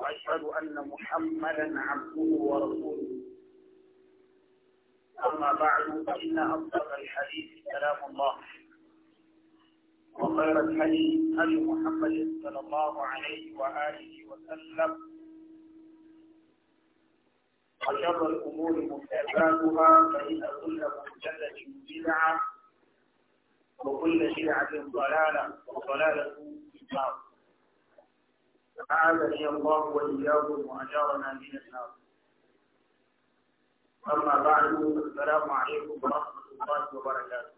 وأشهد أن محمدا عبده ورسوله أما بعد فإن أصدق الحديث كلام الله وخير الحديث أبي محمد صلى الله عليه وآله وسلم وشر الأمور محدثاتها فإن كل محدثة بدعة وكل بدعة ضلالة وضلالة في النار فعالني الله وإياكم وأجارنا من النار أما بعد السلام عليكم ورحمة الله وبركاته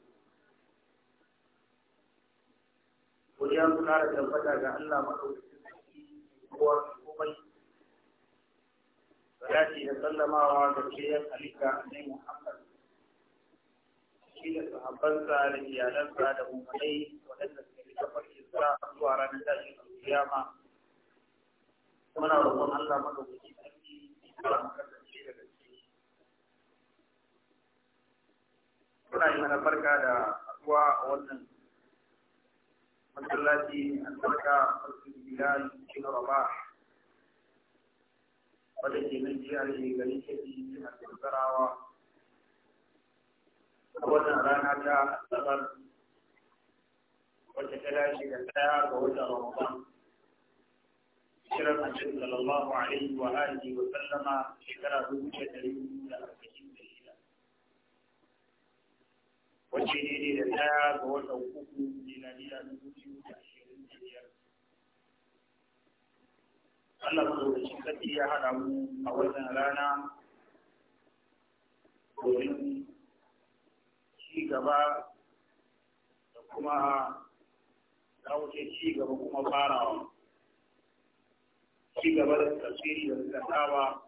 وليان كارة الفتاة أن لا مدعو هو في فلاتي يتلى ما رأى الشيخ عليك أني محمد ولكن يجب ان يكون هناك افضل من اجل ان يكون القيامة muna roƙon Allah madaukakin sarki ya mu kasance da gaske kuna yi mana farka da haɗuwa a wannan masallaci farka masjid bilal cikin raba wadda ke nan jihar garin kebbi jihar kankarawa a wannan rana ta asabar wacce ta dace da ɗaya ga watan ramadan hijirar annabi sallallahu alaihi wa alihi wa sallama shekara dubu da dari da arba'in da shida Wace ne da ɗaya ga wata uku miladiya dubu biyu da ashirin da biyar Allah madaukakin sarki ya haɗa mu a wannan rana domin ci gaba da kuma kawo ci gaba kuma farawa ci gaba da tafsiri da suka saba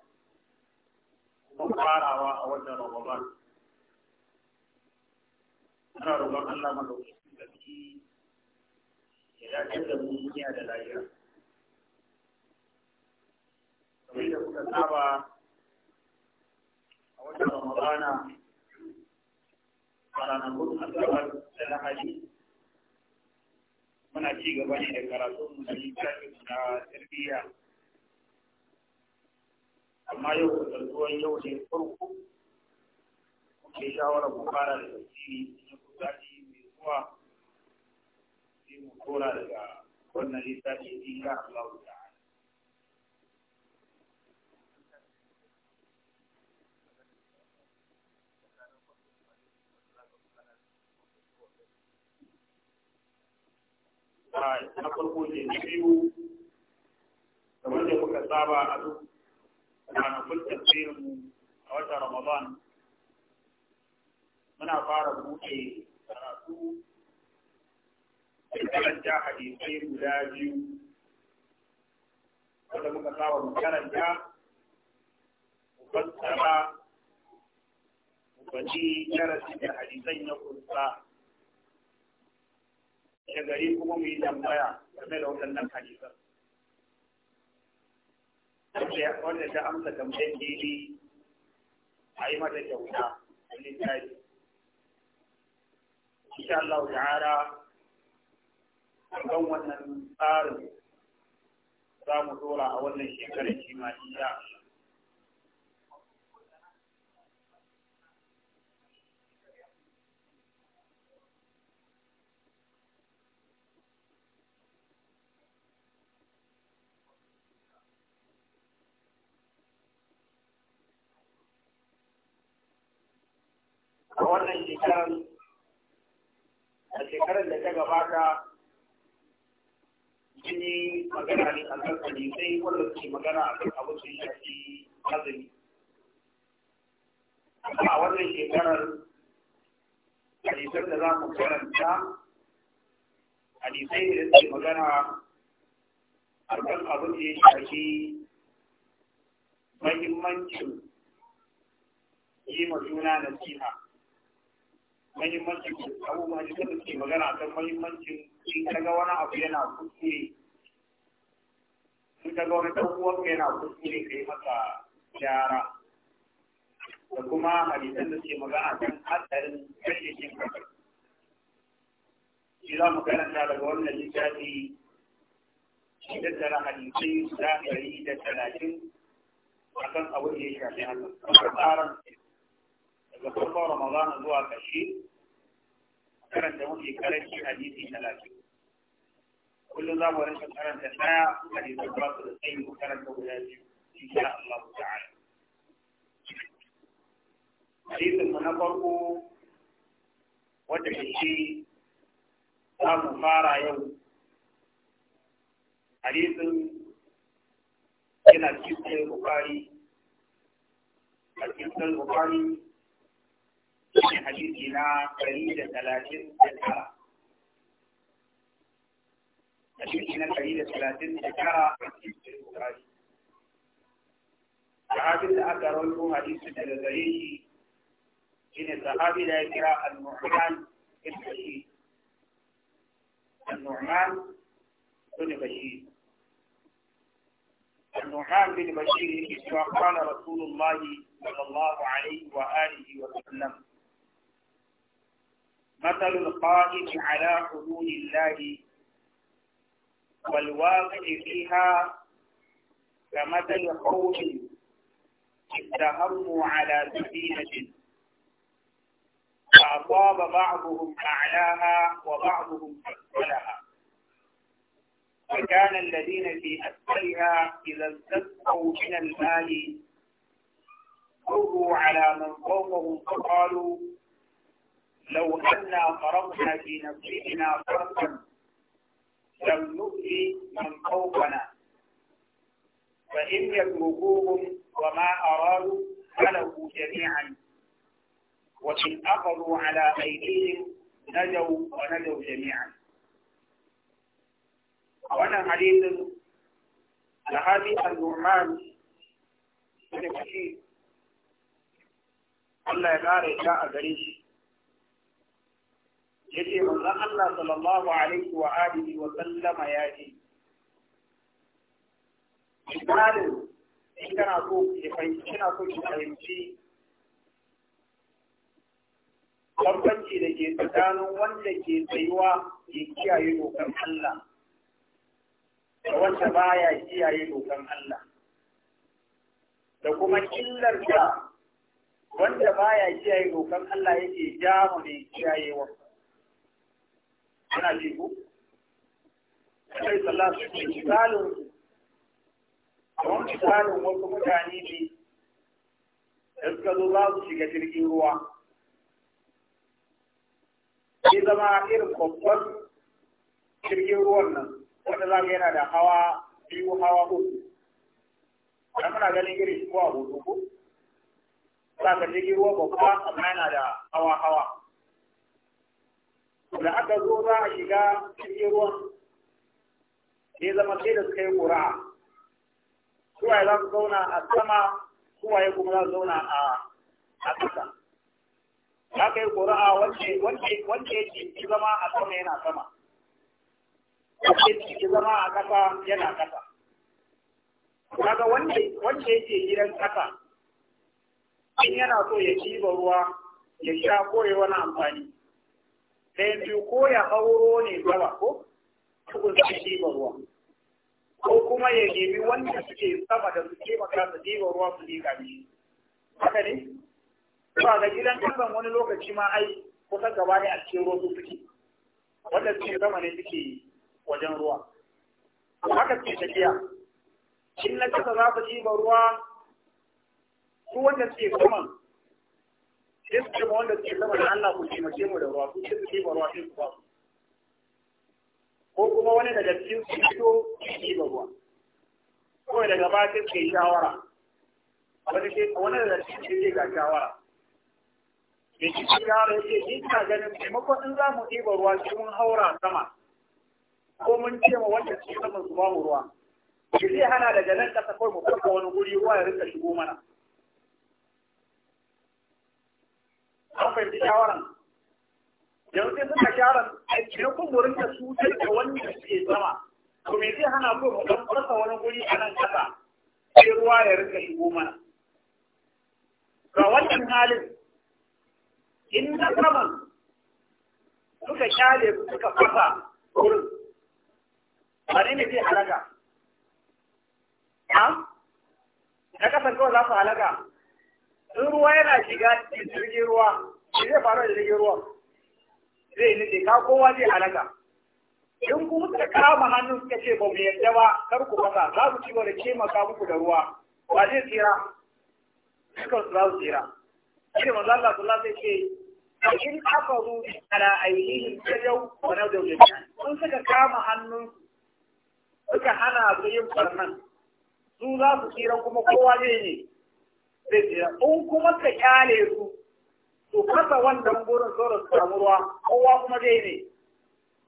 kuma farawa a wannan Ramadan. Ana roƙon Allah madaukakin sarki ya dace da mu duniya da lafiya. Kamar da kuka saba a wannan Ramadana a ranakun Asabar da Lahadi muna ci gaba ne da karatun mu da littafin na tarbiyya amma yau kasantuwar yau ne farko kuke shawarar ku fara da tafsiri na kusaci mai zuwa sai mu tora daga wannan lissafi insha Allah ta'ala na farko ne biyu kamar da kuka saba a duk kun tafsirin a watan Ramadan muna fara buɗe karatu da karanta hadisai guda biyu wanda muka saba mu karanta mu fassara mu faɗi darasi da hadisan ya kusa da gari kuma mu yi tambaya game da waɗannan hadisan wanda ta amsa tambayar daidai a yi mata kyauta a littafi insha Allah ta'ala kan wannan tsarin za mu a wannan shekarar shi ma insha Allah haka jini magana ne a kan hadisai wanda suke magana a kan abu su shafi azumi. Amma a wannan shekarar hadisan da za mu karanta hadisai ne da suke magana a kan abu da ya shafi mahimmancin yi ma juna nasiha. mahimmancin abubuwa da suke magana kan mahimmancin in kaga wani abu yana kuskure in kaga wani ɗan uwanka yana kuskure kai masa gyara da kuma hadisan da suke magana kan hatsarin kashe shin kasa shi za mu karanta daga wannan littafi shi tattara hadisai guda ɗari da talatin akan abin da ya shafi haka tsarin da farko Ramadan zuwa kashi karanta mafi karanci jiki talatin kullum za mu rinka karanta daya hadisi ba su da tsayi mu karanta guda biyu insha Allah ta'ala hadisin mu na farko wata shi za mu fara yau hadisin yana cikin bukari a cikin bukari إلى قليل ثلاثين ذكرى تشير إلى في ثلاثين ذكرى صحابي الأكبر لهم حديث من الزيج إن الصحابي لا يكرى النعمان بن بشير. النعمان بن بشير النعمان بن بشير إذا قال رسول الله صلى الله عليه وآله وسلم مثل القائم على حدود الله والواقع فيها كمثل قوم اتهموا على سفينة فأصاب بعضهم أعلاها وبعضهم أسفلها فكان الذين في أسفلها إذا استسقوا من المال قروا على من فوقهم فقالوا لو أنا فرضنا في نصيبنا فرقا لم نؤذي من فوقنا فإن يتركوهم وما أرادوا فلوا جميعا وإن أخذوا على أيديهم نجوا ونجوا جميعا وأنا حديث لهذه النعمان بن بشير الله يبارك جاء بريش yace manzon Allah sallallahu alaihi wa alihi wa sallama ya ce misalin in kana so ki fahimci kina so ki fahimci bambanci da ke tsakanin wanda ke tsayuwa ke kiyaye dokan Allah da wanda baya kiyaye dokan Allah da kuma killar da wanda baya kiyaye dokan Allah yake jamu ne kiyayewa ana ji ko sai sallah su ne misalin don misalin wasu mutane ne da suka zo za su shiga jirgin ruwa sai zama irin babban jirgin ruwan nan wanda za ka yana da hawa biyu hawa uku da muna ganin irin shi ko a hoto ko za ka jirgin ruwa babba amma yana da hawa hawa da aka zo za a shiga cikin ruwan ne zama sai da suka yi ƙura suwaye za su zauna a sama ya kuma za su zauna a ƙasa ya kai ƙura wance ya cinci zama a sama yana sama wanda ya zama a ƙasa yana ƙasa kaga ya yake gidan ƙasa in yana so ya ba ruwa ya sha kore wani amfani sai ko ya hauro ne sama ko tukun su ɗiba ruwa ko kuma ya nemi wanda suke sama da su taimaka su ɗiba ruwa su ɗiga ne haka ne ba ga gidan kasan wani lokaci ma ai kusan gaba ne a cikin ruwa su suke wanda suke sama ne suke wajen ruwa haka suke tafiya Shin na kasa za su ɗiba ruwa su wanda suke kuma? sai su ce wanda suke sama da Allah ku taimake mu da ruwa ku ce su ɗiba ruwa sai ku ba ko kuma wani daga cikin su fito su ɗiba ruwa kawai daga baya sai su yi shawara wani sai wani daga cikin su ga shawara da cikin yaro ce ni ina ganin taimakon in za mu ɗiba ruwa sai mun haura sama ko mun ce ma wanda suke sama su ba mu ruwa. Shi zai hana daga nan ƙasa kawai mu farka wani guri ruwa ya rinka shigo mana. an fahimci shawaran yanzu sai suka shara ne kun gurin da su da wanda ke sama to me zai hana ku dan fasa wani guri a nan kasa sai ruwa ya rika shigo mana ga wannan halin in na saman suka kyale suka fasa gurin wane ne zai halaga? ha na kasan kawai za su halaga. in ruwa yana shiga cikin jirgin ruwa shi zai faru da jirgin ruwa zai nufi ka kowa zai halaka in ku suka kama hannun suka ce ba mu yadda ba kar ku fasa za ku ci wani ke maka muku da ruwa ba zai tsira suka su za su tsira shi ma Allah sallallahu alaihi ce a ce in afaru ala ta yau da na dawlin sun suka kama hannun suka hana su yin farnan su za su tsira kuma kowa zai ne zai tsira in kuma ka kyale su to kasa wannan gurin sauran su samu ruwa kowa kuma zai ne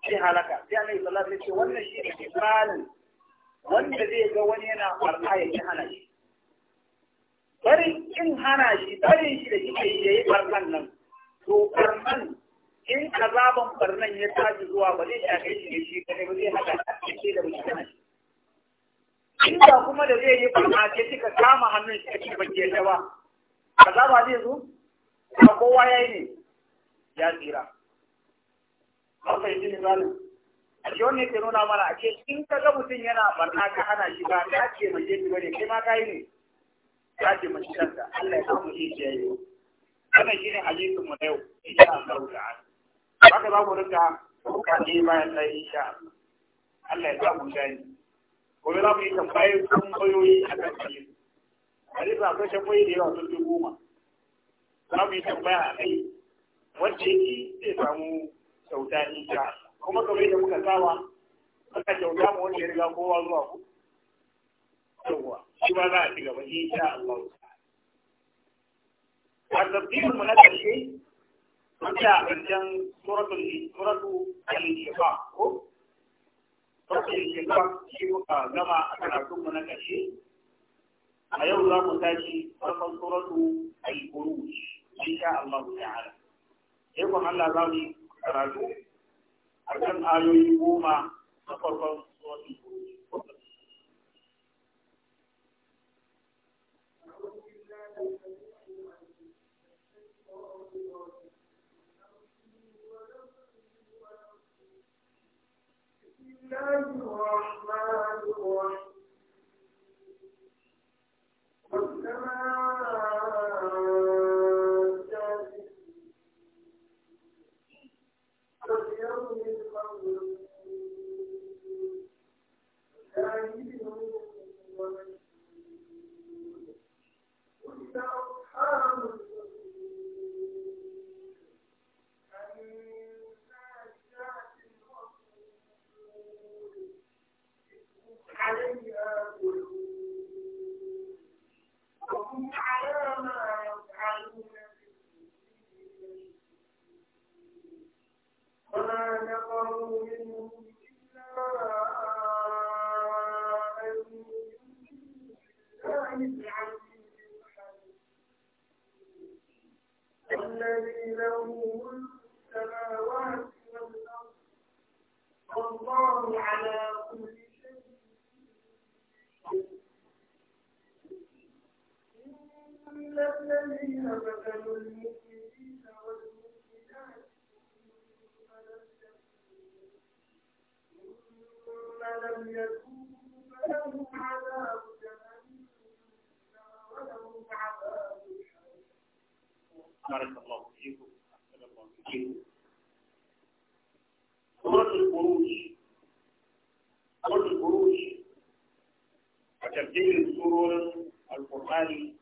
shi halaka sai annabi sallallahu alaihi wasallam wannan shi ne kifalin wanda zai ga wani yana barna ya yi hana shi barin in hana shi bari shi da kike yi yayi farkan nan to barnan in azaban barnan ya tafi zuwa ba zai shafe shi ne shi ba zai haka shi da mutum inda kuma da zai yi farma ce kika kama hannun shi cikin bakke ta ba azaba zai zo ba kowa ya yi ne ya tsira ba sai A ce ashe ya ke nuna mana a ce in ka ga mutum yana barna ka hana shi ba ka ce mai yake bane kai ma yi ne ka ce mai da, Allah ya samu shi ya yi wannan shine hadisin mu na yau insha Allah ba ka za mu rinka ka ne bayan sai insha Allah Allah ya samu gani gobe za mu yi tambayoyi tambayoyi a kan hadisi hadisi da yawa sun goma za mu yi tambaya a kai wacce yake zai samu kyauta insha kuma kamar yadda muka saba aka kyauta mu wanda ya riga kowa zuwa ku shi ba za a ci gaba Allah ko farkon shekara shi gama a karatunmu na ƙarshe a yau za mu tashi farkon suratu al-buruj insha Allah ta'ala sai Allah za mu karatu akan ayoyi goma na farkon suratu والسماء السماوات والأرض والله على كل شيء إن الذين بدلوا المؤمنين والمؤمنات ثم لم يتوبوا فلهم عذاب جهنم ولهم عذاب بارك الله فيكم سورة الخروج سورة الخروج وتبديل سورة القرآن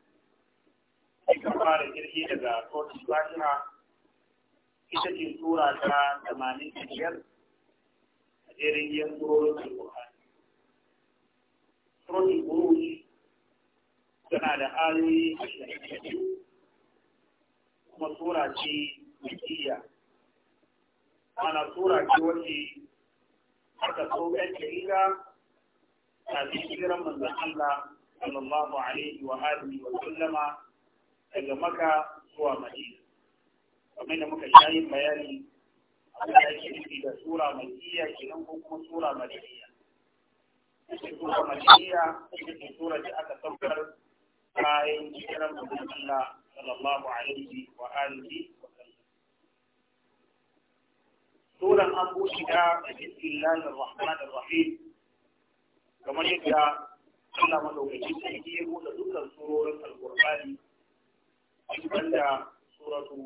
ita fara jirgi daga Torti Fatima ita ce tura ta 85 a jerin da ayoyi 22 kuma tura hijriya ana tura ce wacce aka so yan jarida kafin hijiran manzon Allah sallallahu alaihi wa alihi wa sallama daga maka zuwa madina kamar da muka sha bayani abin da ake nufi da sura makiya kenan ko kuma sura madaniya ita sura madaniya ita ce sura da aka saukar bayan jiran manzon Allah sallallahu alaihi wa alihi suran an buɗe ta da bismillahir rahmanir rahim kamar yadda Allah madaukakin sarki ya buɗe dukkan surorin alqur'ani banda suratu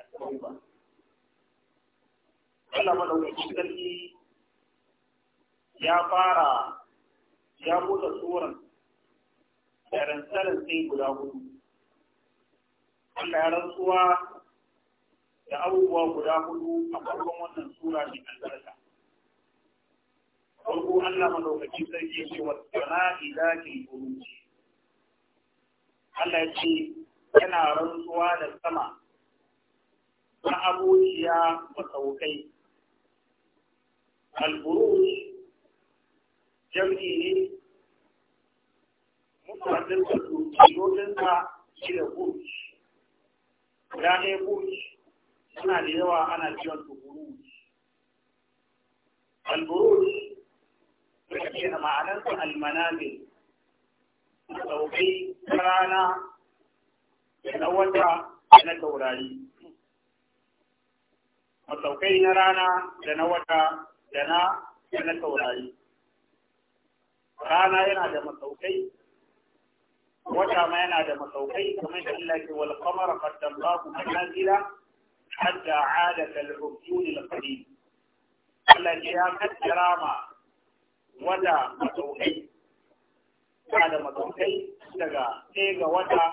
at-tauba Allah madaukakin sarki ya fara ya buɗe suran da rantsarantsai guda hudu Allah ya rantsuwa da abubuwa guda hudu a farkon wannan sura ne albarka farko Allah madaukakin sarki ya ce wa sama'i ke buruj Allah ya ce yana rantsuwa da sama na abuciya masaukai al-buruj jam'i ne mutanen da tukiyotinsa shi da buruj Ya ne buruj suna da yawa ana kiran su buruj al-buruj suka ce da ma'anar su al-manazil sauƙi rana na wata na taurari masaukai na rana da na wata da na na taurari rana yana da masaukai wata ma yana da masaukai kuma da Allah ke wal qamara qaddamnahu manazila حتى عاد كالعجول القديم الذي يامت كرامة ودا متوحي هذا متوحي daga ɗaya ga wata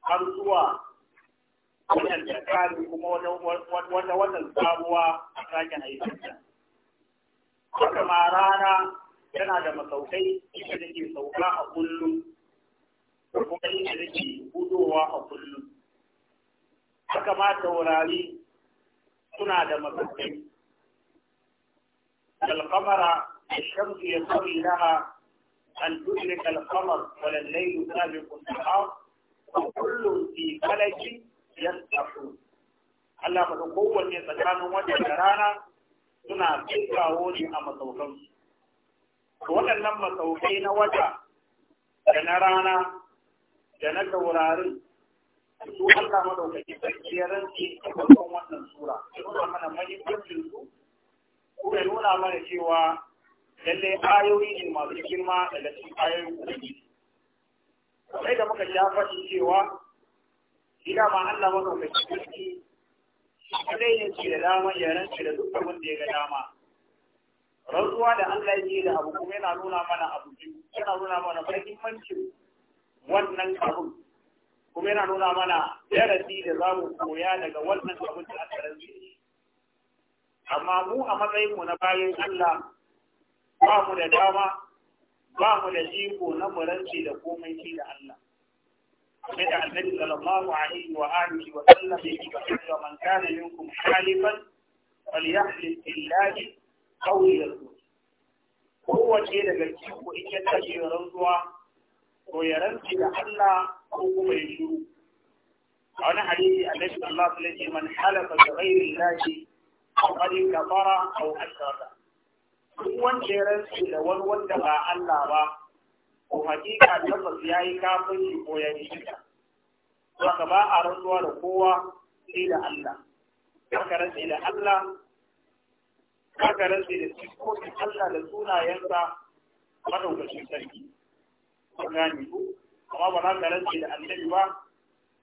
har zuwa wannan da kuma wata wannan sabuwa a sake haifarta. Haka ma rana yana da masaukai ita da ke sauka a kullum, kuma ita da ke gudowa a kullum. haka ma taurari suna da matakai alkamara a shamsu ya na laha an tuɗe alkamar wadda laiyu ta bi kuma ha a kullum fi kalaki ya tafi Allah ka ko kowanne tsakanin da rana suna tsikawo ne a masaukansu waɗannan masaukai na wata da na rana da na taurarin su Allah madaukaki sarki ya rantse a farkon wannan sura ya nuna mana mahimmancin su kuma ya nuna mana cewa lallai ayoyi ne masu girma daga cikin ayoyin ubangiji sai da muka sha faɗi cewa ina ma Allah madaukaki sarki kadai ne ke da dama ya rantse da dukkan wanda ya ga dama rantsuwa da Allah ya yi da abu kuma yana nuna mana abu biyu yana nuna mana mahimmancin wannan abun kuma yana nuna mana darasi da za mu koya daga wannan abin da aka rantsi amma mu a matsayin mu na bayan Allah ba mu da dama ba mu da jiko na mu rantsi da komai shi da Allah sai da annabi sallallahu alaihi wa alihi wa sallam ya ce wa man kana minkum halifan falyahlif billahi aw yasmut kowace daga cikin ku in ya rantsuwa ko ya rantsi da Allah ko kuma ya shiru a wani hadisi annabi sallallahu alaihi wasallam man halafa bi ghairi llahi faqad kafara aw ashraka duk wanda ya rantsa da wani wanda ba Allah ba ko hakika tabbas yayi kafin ko ya shirka haka ba a rantsuwa da kowa sai da Allah haka rantsa da Allah haka rantsa da sifofin Allah da sunayensa madaukakin sarki ko gani ko amma ba za ka rantse da annabi ba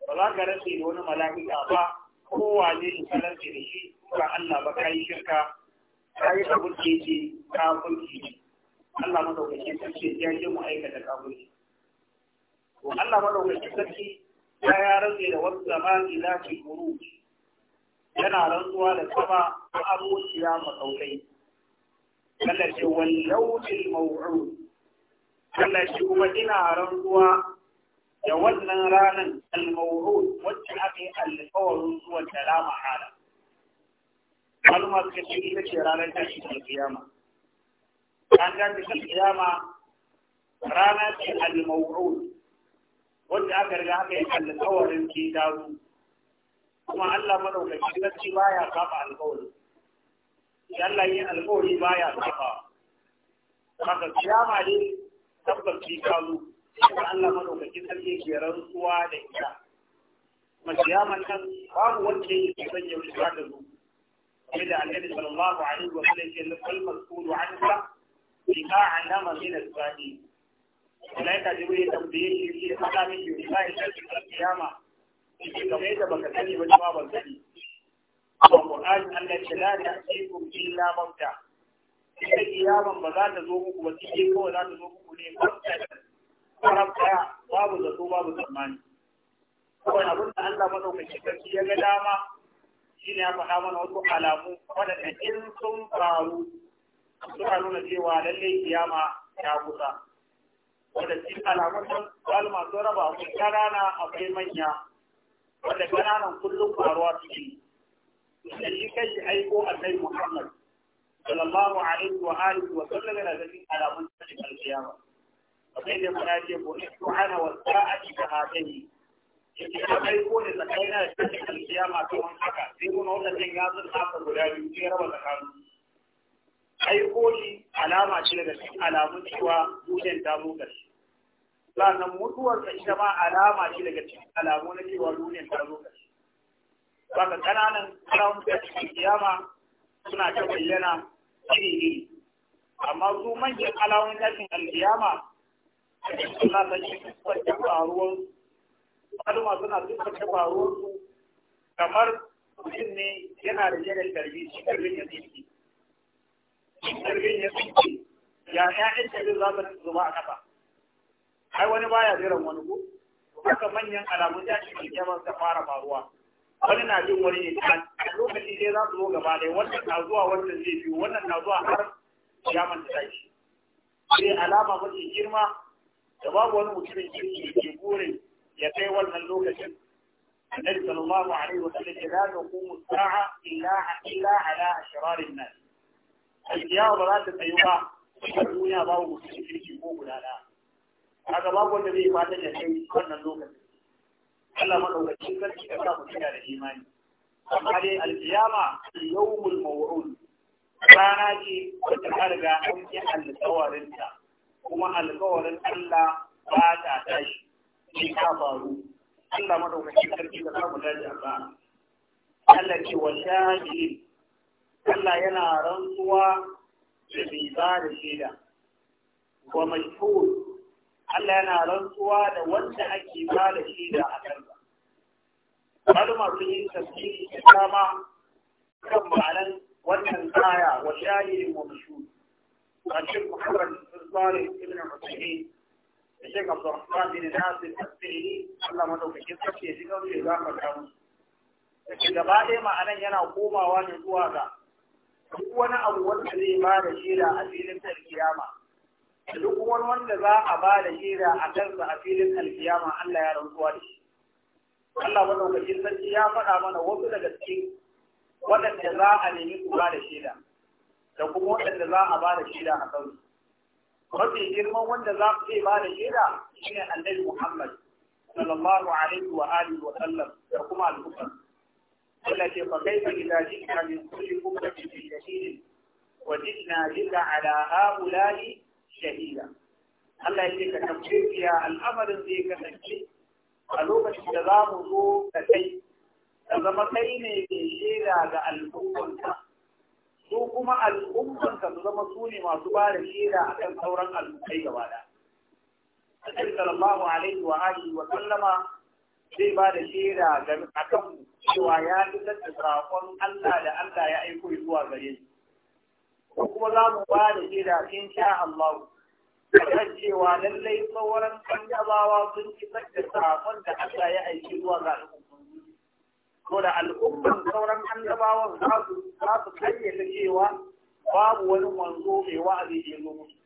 ba za ka rantse da wani mala'ika ba kowa ne in ka rantse da shi ba Allah ba ka yi shirka ka yi kabulce ce kafulci ne Allah madaukakin sarki ya ce mu aikata kafulci to Allah madaukakin sarki ya ya rantse da wasu zamani zama ila fi yana rantsuwa da sama a abociya makaukai Allah ce wallau til maw'ud Allah shi kuma ina rantsuwa da wannan ranar al mawru wacce aka yi alƙawarin zuwa da lama hala maluma suka ce ita ce ranar tashi shi kiyama an da ta kiyama rana ce al mawru wacce aka riga aka yi alƙawarin ki dawo kuma Allah madaukaki ci baya kafa alƙawari Allah yin alƙawari baya kafa haka kiyama ne tabbaci ki kazo da Allah madaukakin sarki ke rantsuwa da ita makiyaman nan babu wanda yake son ya wuce da su sai da annabi sallallahu alaihi wa sallam ke lafal masulu anka bika alama min al-sadi malaika jibril ya tambaye shi ya faɗa min yau ba ya san kiyama kamar yadda baka sani ba ma ban sani Al-Qur'an Allah ce la ta'tikum illa mauta. Ita kiyaman ba za ta zo muku ba sai kawai za ta zo muku ne mauta haram ɗaya babu zato babu tsammani kawai abin da Allah maɗaukaki sarki ya ga dama shi ya faɗa mana wasu alamu waɗanda in sun faru suka nuna cewa lallai kiyama ta kusa wanda cikin alamun nan kalma sun raba akwai ƙanana akwai manya Wadda ƙananan kullum faruwa suke da shi kai shi aiko annabi Muhammad sallallahu alaihi wa alihi wa sallam yana da cikin alamun tashin alkiyama kamar da mana ce ko ne to ana wasa a cikin hatani yake ta kai ko ne tsakai na da cikin kiyama to an haka sai kuma wannan din ya zan haka guda biyu sai raba tsakanin ai koli alama ce daga cikin alamun cewa zuciyar ta zo ƙarshe sannan mutuwar ta ita ma alama ce daga cikin alamu na cewa duniyar ta zo ƙarshe ka ƙananan alamun da cikin kiyama suna ta bayyana iri iri amma su manyan alamun tashin alkiyama Allah ta yi siffanta faruwar faruwar su kamar mutum ne yana da yanayin karbi shi karbin ya tsinki shi Jirgin ya tsinki ya ƴaƴan karbin za su zuba a ƙasa ai wani baya jiran wani ko haka manyan alamun ya ce ke ta fara faruwa wani na jin wani ne a lokaci dai za su zo gaba ɗaya wannan na zuwa wannan zai biyu wannan na zuwa har ya manta tashi sai alama mafi girma da babu wani mutumin kirki da النبي صلى الله عليه وسلم لا تقوم الساعة إلا إلا على أشرار الناس الزيارة لا تتيوها الدنيا ضوء في الجمهور لا لا هذا باب الذي بعد الشيء كان اللوكة ألا من هو الشيء الذي فيها الإيمان هذه القيامة اليوم الموعود فأنا جي وتحرق أمتحن لتوارنها kuma alkawarin Allah ba ta tashi shi ta faru Allah madaukakin sarki da samu daji a ba Allah ce wa shahidin Allah yana rantsuwa da bai ba da shaida wa mashhur Allah yana rantsuwa da wanda ake ba da shaida a kansa maluma sun yi tafsiri da dama kan ma'anar wannan tsaya wa shahidin wa mashhur الشيخ محمد بن صالح بن عثيمين الشيخ عبد الرحمن بن ناصر السيري الله madaukakin sarki ya shiga ya gafarta musu take gaba ɗaya ma'anan yana komawa ne zuwa ga duk wani abu wanda zai ba da shaida a filin alkiyama duk wani wanda za a ba da shaida a kansa a filin alkiyama Allah ya rantsuwa da shi Allah madaukakin sarki ya faɗa mana wasu daga cikin waɗanda za a nemi kula da shaida da kuma wanda za a ba da shaida a kansu mafi girman wanda za ku zai ba da shaida shine annabi Muhammad sallallahu alaihi wa alihi wa sallam da kuma al'ummar Allah ce fa kaifa idza ji'na min kulli ummatin bi shahidin wa ji'na bika ala ha'ula'i shahida Allah ya ce ka tabbaci ya al'amarin zai kasance a lokacin da za mu zo ka kai ka zama kai ne mai shaida ga al'ummarka su kuma al'umman su zama su ne masu ba da shaida akan sauran al'ummai gaba da Annabi sallallahu alaihi wa alihi wa sallama zai ba da shaida akan cewa ya fitar da sakon Allah da Allah ya aiko zuwa gare shi ko kuma za mu ba da shaida in sha Allah kan cewa lallai sauran annabawa sun fitar da sakon da Allah ya aiki zuwa ga al'umma ko da al'ummar sauran annabawan za su za su kayyata cewa babu wani manzo mai wa'azi ya zo musu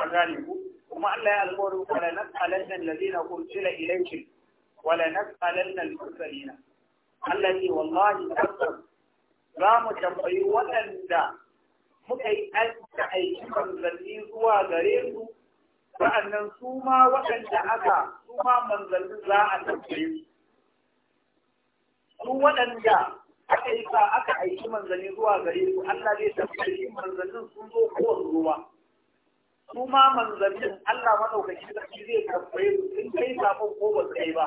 an ku kuma Allah ya alƙawarin wala nas'alanna alladhina ursila ilaykum wala nas'alanna al-mursalina Allah ne wallahi tabbas za mu tambayi waɗanda muka yi aiki aiki manzanni zuwa gare su sa'annan su ma waɗanda aka su ma manzanni za a tambaye su su waɗanda aka yi sa aka aiki manzanni zuwa gare su Allah zai tafi manzannin sun zo kowane ruwa su ma manzannin Allah maɗaukaki zai tambaye su sun kai sabon ko ba kai ba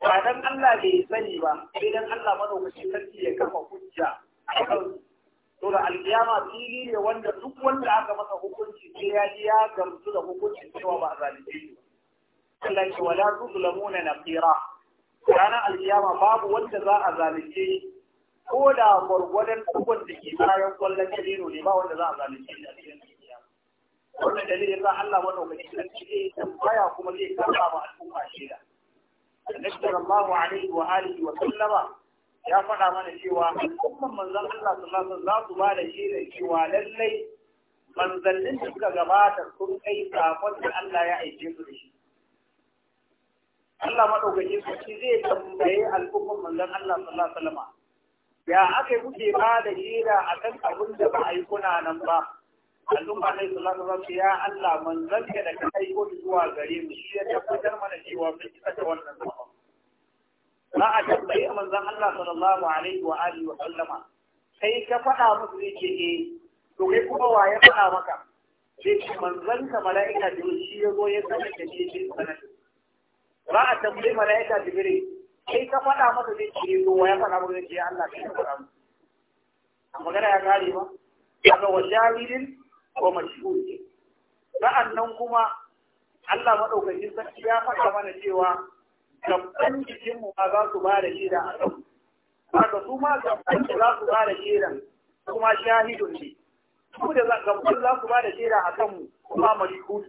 ba dan Allah bai sani ba sai dan Allah maɗaukaki sarki ya kafa hujja to da alkiyama fili ne wanda duk wanda aka masa hukunci sai ya ji ya gamsu da hukunci cewa ba a zalunce ba Allah ya ce wala tuzlamuna naqira ranar alkiyama babu wanda za a zalunce ko da gwargwadon ukun da ke bayan kwallon kalino ne ba wanda za a zalunce shi a cikin alkiyama wannan dalilin za Allah madaukaki da cike eh, tambaya kuma zai karba ma al'umma shaida Annabi sallallahu alaihi wa alihi wa sallama ya faɗa mana cewa al'umman manzon Allah sallallahu alaihi za su ba da shi shaida cewa lallai manzannin da suka gabata sun kai sakon da Allah ya aike su da shi Allah su sarki zai tambaye al'ummar manzon Allah sallallahu alaihi wasallam ya aka kuke ba da jira akan abin da ba a yi kuna nan ba al'umma ne sallallahu alaihi wasallam ya Allah manzon ka da kai ko zuwa gare mu shi ya tabbatar mana cewa mun kika ta wannan sabon za a tambaye manzon Allah sallallahu alaihi wa alihi wa sallama sai ka faɗa musu ke eh to kai kuma wa ya faɗa maka sai manzon ka mala'ika da shi ya zo ya sanar da shi bin sanadin za a tambayi mala'ika jibril kai ka faɗa masa zai ce zo ya faɗa masa zai ce Allah kai yi faɗa masa a magana ya kare ba daga wa jahilin ko mashhur ne sa'annan kuma Allah madaukakin sarki ya faɗa mana cewa gaban jikin mu ba za su ba da shaida a kan haka su ma gaban za su ba da shaida kuma shahidun ne su da gaban za su ba da shaida a kan mu kuma mashhur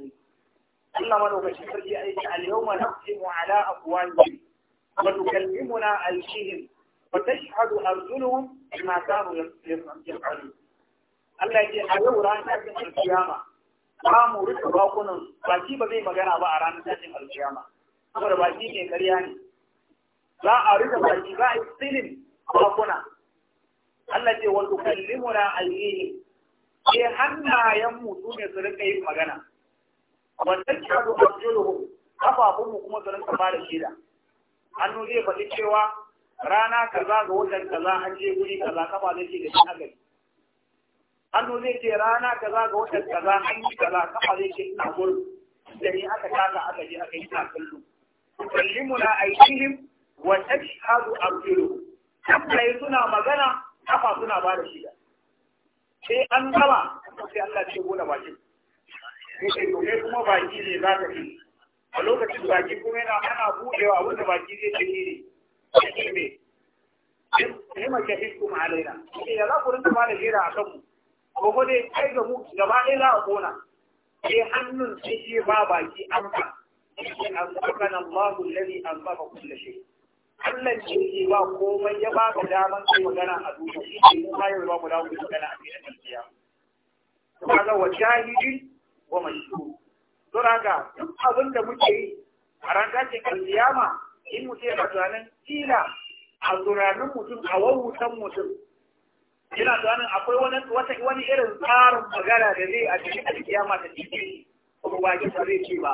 Allah madaukakin sarki ya ce al-yawma naqsimu ala aqwalihim wa tukallimuna al-shihim wa tashhadu arjuluhum bima kanu yaf'alun Allah ya ce a yau ranar tashin al-kiyama ba mu rufe bakunan baki ba zai magana ba a ranar tashin al-kiyama saboda baki ne ƙarya ne za a rufe baki ba a yi silin bakuna Allah ce wa tukallimuna al-shihim sai hannayen mu su ne su rika yin magana wannan shaɗu a ko mu kuma su rinka shi da shida hannu zai faɗi cewa rana kaza ga watan kaza an je guri kaza kafa zai ce da shi nagari hannu zai ce rana kaza ga watan kaza an yi kaza kafa zai ce ina gurin da ni aka taka aka je aka yi ta kallo kallimuna aitihim wa tashhadu arjulu tabbai suna magana kafa suna ba da shida sai an gaba sai Allah ce gona bakin sai to kai kuma baki ne za ka ci a lokacin baki kuma yana ana buɗewa abin da baki zai ci ne shi ne ne mace hiskum alaina shi ya za ku rinka ba da jera a kanmu ko ko dai kai ga mu gaba ɗaya za a kona sai hannun sai ke ba baki an ba shi an sakana Allahu ba anfaqa kulli shay Allah ne ke ba komai ya ba ka daman kai magana a duniya shi ne mu ba ya ba mu dawo magana a cikin duniya kaga wa jahilin. wa mashhur don ga duk abin da muke yi a ran kan alkiyama in mutum yana tunanin kila a tsoranin mutum a wawutan mutum yana tunanin akwai wani wani irin tsarin magana da zai a cikin alkiyama ta cikin kuma bakin ba zai ce ba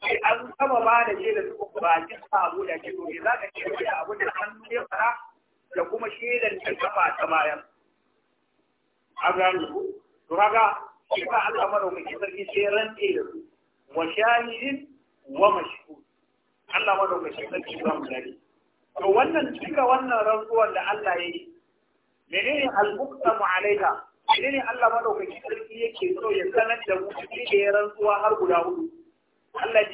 sai an saba ba da ke da suka bakin sa abu da ke dole za ka ce wani abu da hannu ya fara da kuma shedan da kafa ta bayan a Turaga, shi ba Allah madaukaki sarki sai rantse da su wa shahidin wa Allah madaukaki sarki ba mu dare to wannan cika wannan rantsuwar da Allah ya yi menene al-muqtamu alaiha menene Allah madaukaki sarki yake so ya sanar da mu cikin da ya rantsuwa har guda hudu Allah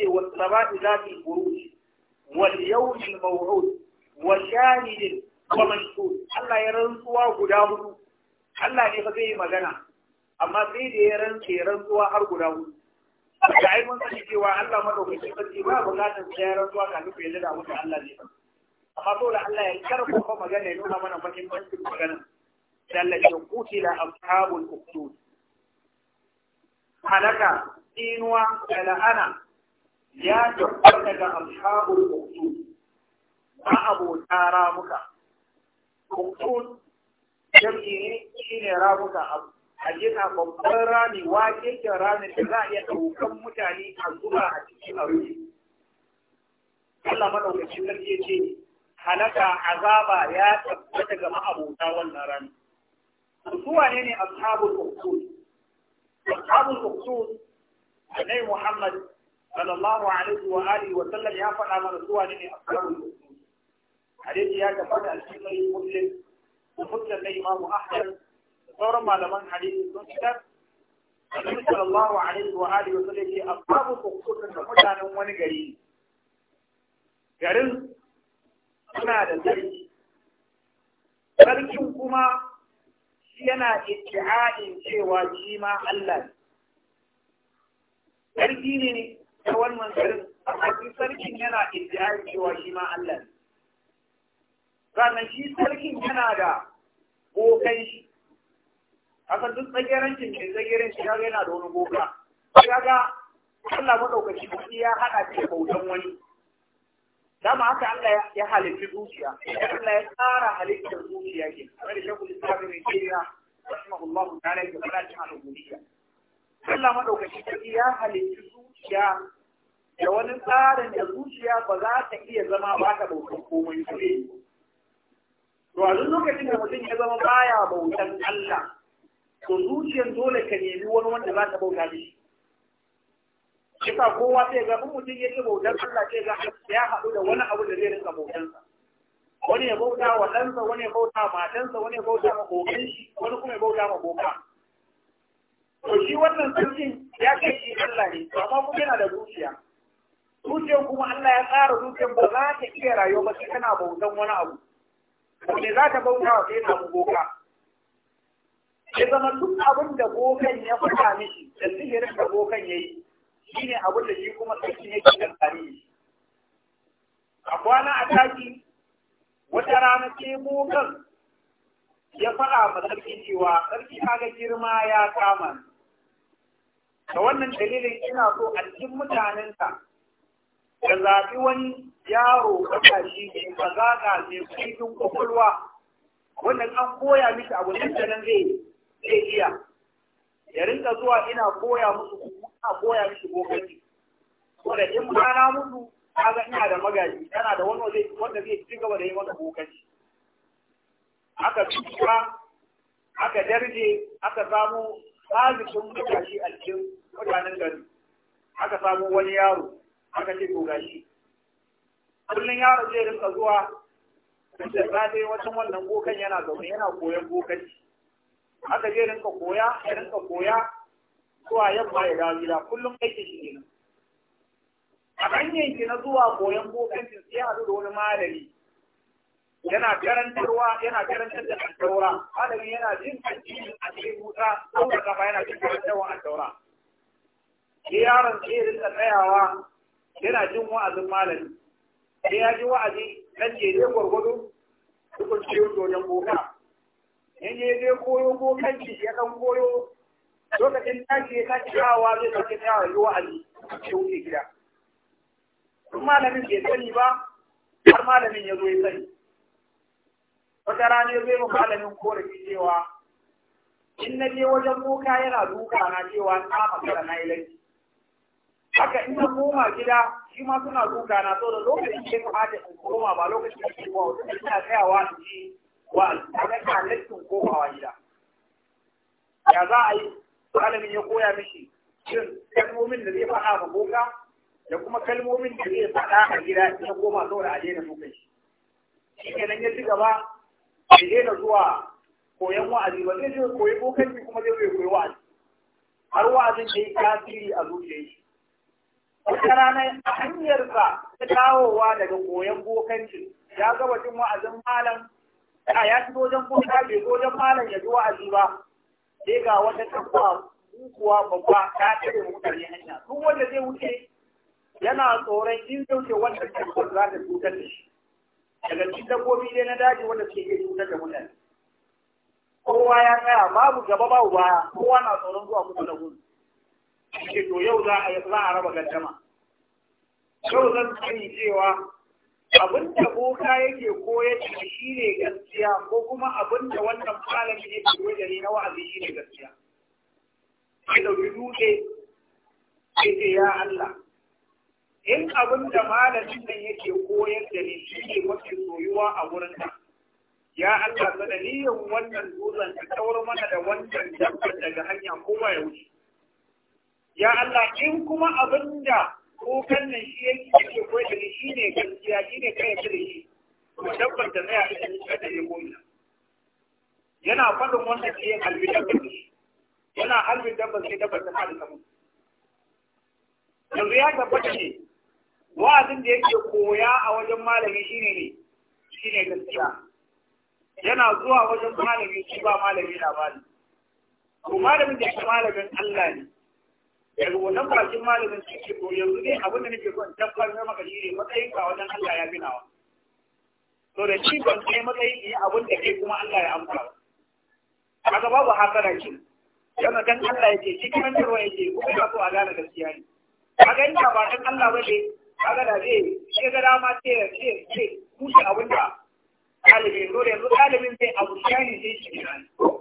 wa shahidin Allah guda Allah ne fa zai yi magana amma sai da ya rantse rantsuwa har guda hudu da ai mun sani cewa Allah madaukakin sarki ba bukatar sai ya rantsuwa kafin ku ya da abin Allah ne amma da Allah ya ko magana ya nuna mana muhimmancin magana da Allah ya kutila ashabul ukhdud halaka inuwa da la'ana ya tabbata ga ashabul ukhdud ba abota ramuka ukhdud jam'i ne shine ramuka abu a babban rami wake ke ramin da za a iya ɗaukan mutane a zuwa a cikin aure. Allah maɗaukacin sarki ya ce halaka azaba ya tabbata daga ma'abota wannan rami. Su wane ne ashabul uqud? Ashabul uqud Annabi Muhammad sallallahu alaihi wa alihi wa sallam ya faɗa mana su wane ne ashabul uqud. Hadisi ya tabbata a cikin Muslim da Muslim na Imam Ahmad sauran malaman hadisi sun fitar Annabi sallallahu alaihi wa alihi wa sallam ce ashabu sukutin da mutanen wani gari garin suna da sarki sarkin kuma shi yana ittihadin cewa shi ma Allah ne sarki ne ta wannan garin amma sarkin yana ittihadin cewa shi ma Allah ne sannan shi sarkin yana da bokan shi akan duk tsagerancin mai tsagerancin ya yana da wani goga ya ga Allah madaukaki kuɗi ya haɗa shi bautan wani dama haka Allah ya halitta zuciya Allah ya tsara halittar zuciya ke kamar da shakul islam mai kiriya rahimahullahu ta'ala ya fara cin al-ubudiyya Allah madaukaki kuɗi ya halitta zuciya da wani tsarin da zuciya ba za ta iya zama ba ta bautan komai ba to a duk lokacin da mutum ya zama baya bautan Allah to zuciyar dole ka nemi wani wanda za ka bauta shi. kisa kowa sai ga kuma mutum yake bautar Allah sai ga ya haɗu da wani abu da zai rinka bautansa wani ya bauta wa ɗansa wani ya bauta wa matansa wani ya bauta wa kokin shi wani kuma ya bauta wa boka to shi wannan sarkin ya kai shi Allah ne amma kuma yana da zuciya zuciyar kuma Allah ya tsara zuciyar ba za ta iya rayuwa ba sai kana bautan wani abu wanda za ta bauta wa sai ta boka ya zama duk abin da bokan ya faɗa mishi da sihirin da bokan ya yi shi ne abin da shi kuma sarki yake kan tarihi a kwana a taki wata rana sai bokan ya faɗa ma sarki cewa sarki kaga girma ya kama da wannan dalilin ina so a cikin mutanenka ka zaɓi wani yaro shi ne ka zaga mai kaifin kwakwalwa wannan an koya miki abu da nan zai zai iya ya rinka zuwa ina koya musu ina koya musu bokanci wanda in ba na musu kaga ina da magaji yana da wani zai wanda zai ci gaba da yi masa bokanci aka tuka aka darje aka samu tsazikin gashi alkin mutanen gari aka samu wani yaro aka ce to gashi kullum yaro zai rinka zuwa da safe wajen wannan gokan yana zaune yana koyon gokaci. aka je rinka koya a rinka koya zuwa yamma ya dawo gida kullum aikin shi ne. a hanyar ki na zuwa koyon bokancin sai a da wani malami yana karantarwa yana karantar da al-taura malami yana jin a cikin Musa ko da kafa yana jin karantarwa al-taura sai yaron sai rinka tsayawa yana jin wa'azin malami sai ya ji wa'azi dan je gwargwado dukkan ciwon dojan boka ya je zai koyo ko kanci ya kan koyo lokacin tashi ya tashi yawa zai tashi yawa yi wa'azi ya wuce gida duk malamin bai sani ba har malamin ya zo ya sani wata rana ya zai malamin korafi cewa in na je wajen boka yana duka na cewa na makara na yi laifi haka ina na koma gida shi ma suna duka na so da lokacin da mu kamata koma ba lokacin da ke kowa wata ina tsayawa wa'azi kaga ka lattin ko hawa gida ya za a yi alamin ya koya mishi shin kalmomin da zai faɗa ga boka da kuma kalmomin da zai faɗa a gida ya koma saboda a daina dukan shi shi kenan ya ci gaba ya daina zuwa koyan wa'azi ba zai je koyi bokanci kuma zai koyi wa'azi har wa'azin da ya tasiri a zuciyar shi wata rana a hanyarsa ta dawowa daga koyan bokanci ya ga batun wa'azin malam a ya shigo wajen kuka bai zo wajen malam ya ji wa'azi ba sai ga wata tabba kuwa babba ta tare mutane hanya duk wanda zai wuce yana tsoron in zai wuce wanda tabba za ta cutar da shi daga cikin dabbobi dai na daji wanda ke ke cutar da mutane kowa ya tsaya babu gaba babu baya kowa na tsoron zuwa kusa da gudu shi to yau za a raba gaddama yau zan sani cewa abin da boka yake koyar da shi ne gaskiya ko kuma abin da wannan malami ne ke koyar da ni na wa'azi shi ne gaskiya sai dauki dutse sai ce ya Allah in abin da malamin nan yake koyar da ni shi ne mafi soyuwa a wurin ka ya Allah sanadiyan wannan dutsen ka kawar mana da wannan dabbar daga hanya ba ya wuce ya Allah in kuma abin da kukan nan shi ya yi yake koyi da shi ne gaskiya shi ne kai da shi to dabbar da zai haɗa shi kada ya koyi yana fadin wanda ke yin halbi da shi yana halbin dabbar sai dabbar ta fadi kamar yanzu ya tabbata ne wa'azin da yake koya a wajen malami shi ne shine gaskiya yana zuwa wajen malami shi ba malami labari ko malamin da ke malamin Allah ne daga wannan bakin malamin sai ce to yanzu ne abin da nake so in tabbatar maka shi ne matsayin ka wajen Allah ya bina wa to da shi ban kai matsayin yi abin da ke kuma Allah ya amsa wa kaga babu hasara ki yana dan Allah yake shi ruwa tarwa yake kuma ya so a gane gaskiya ne kaga in ba dan Allah bane kaga da zai shi ga dama ce ce ce kusa abin da ɗalibin dole yanzu ɗalibin sai abu shani sai shi ne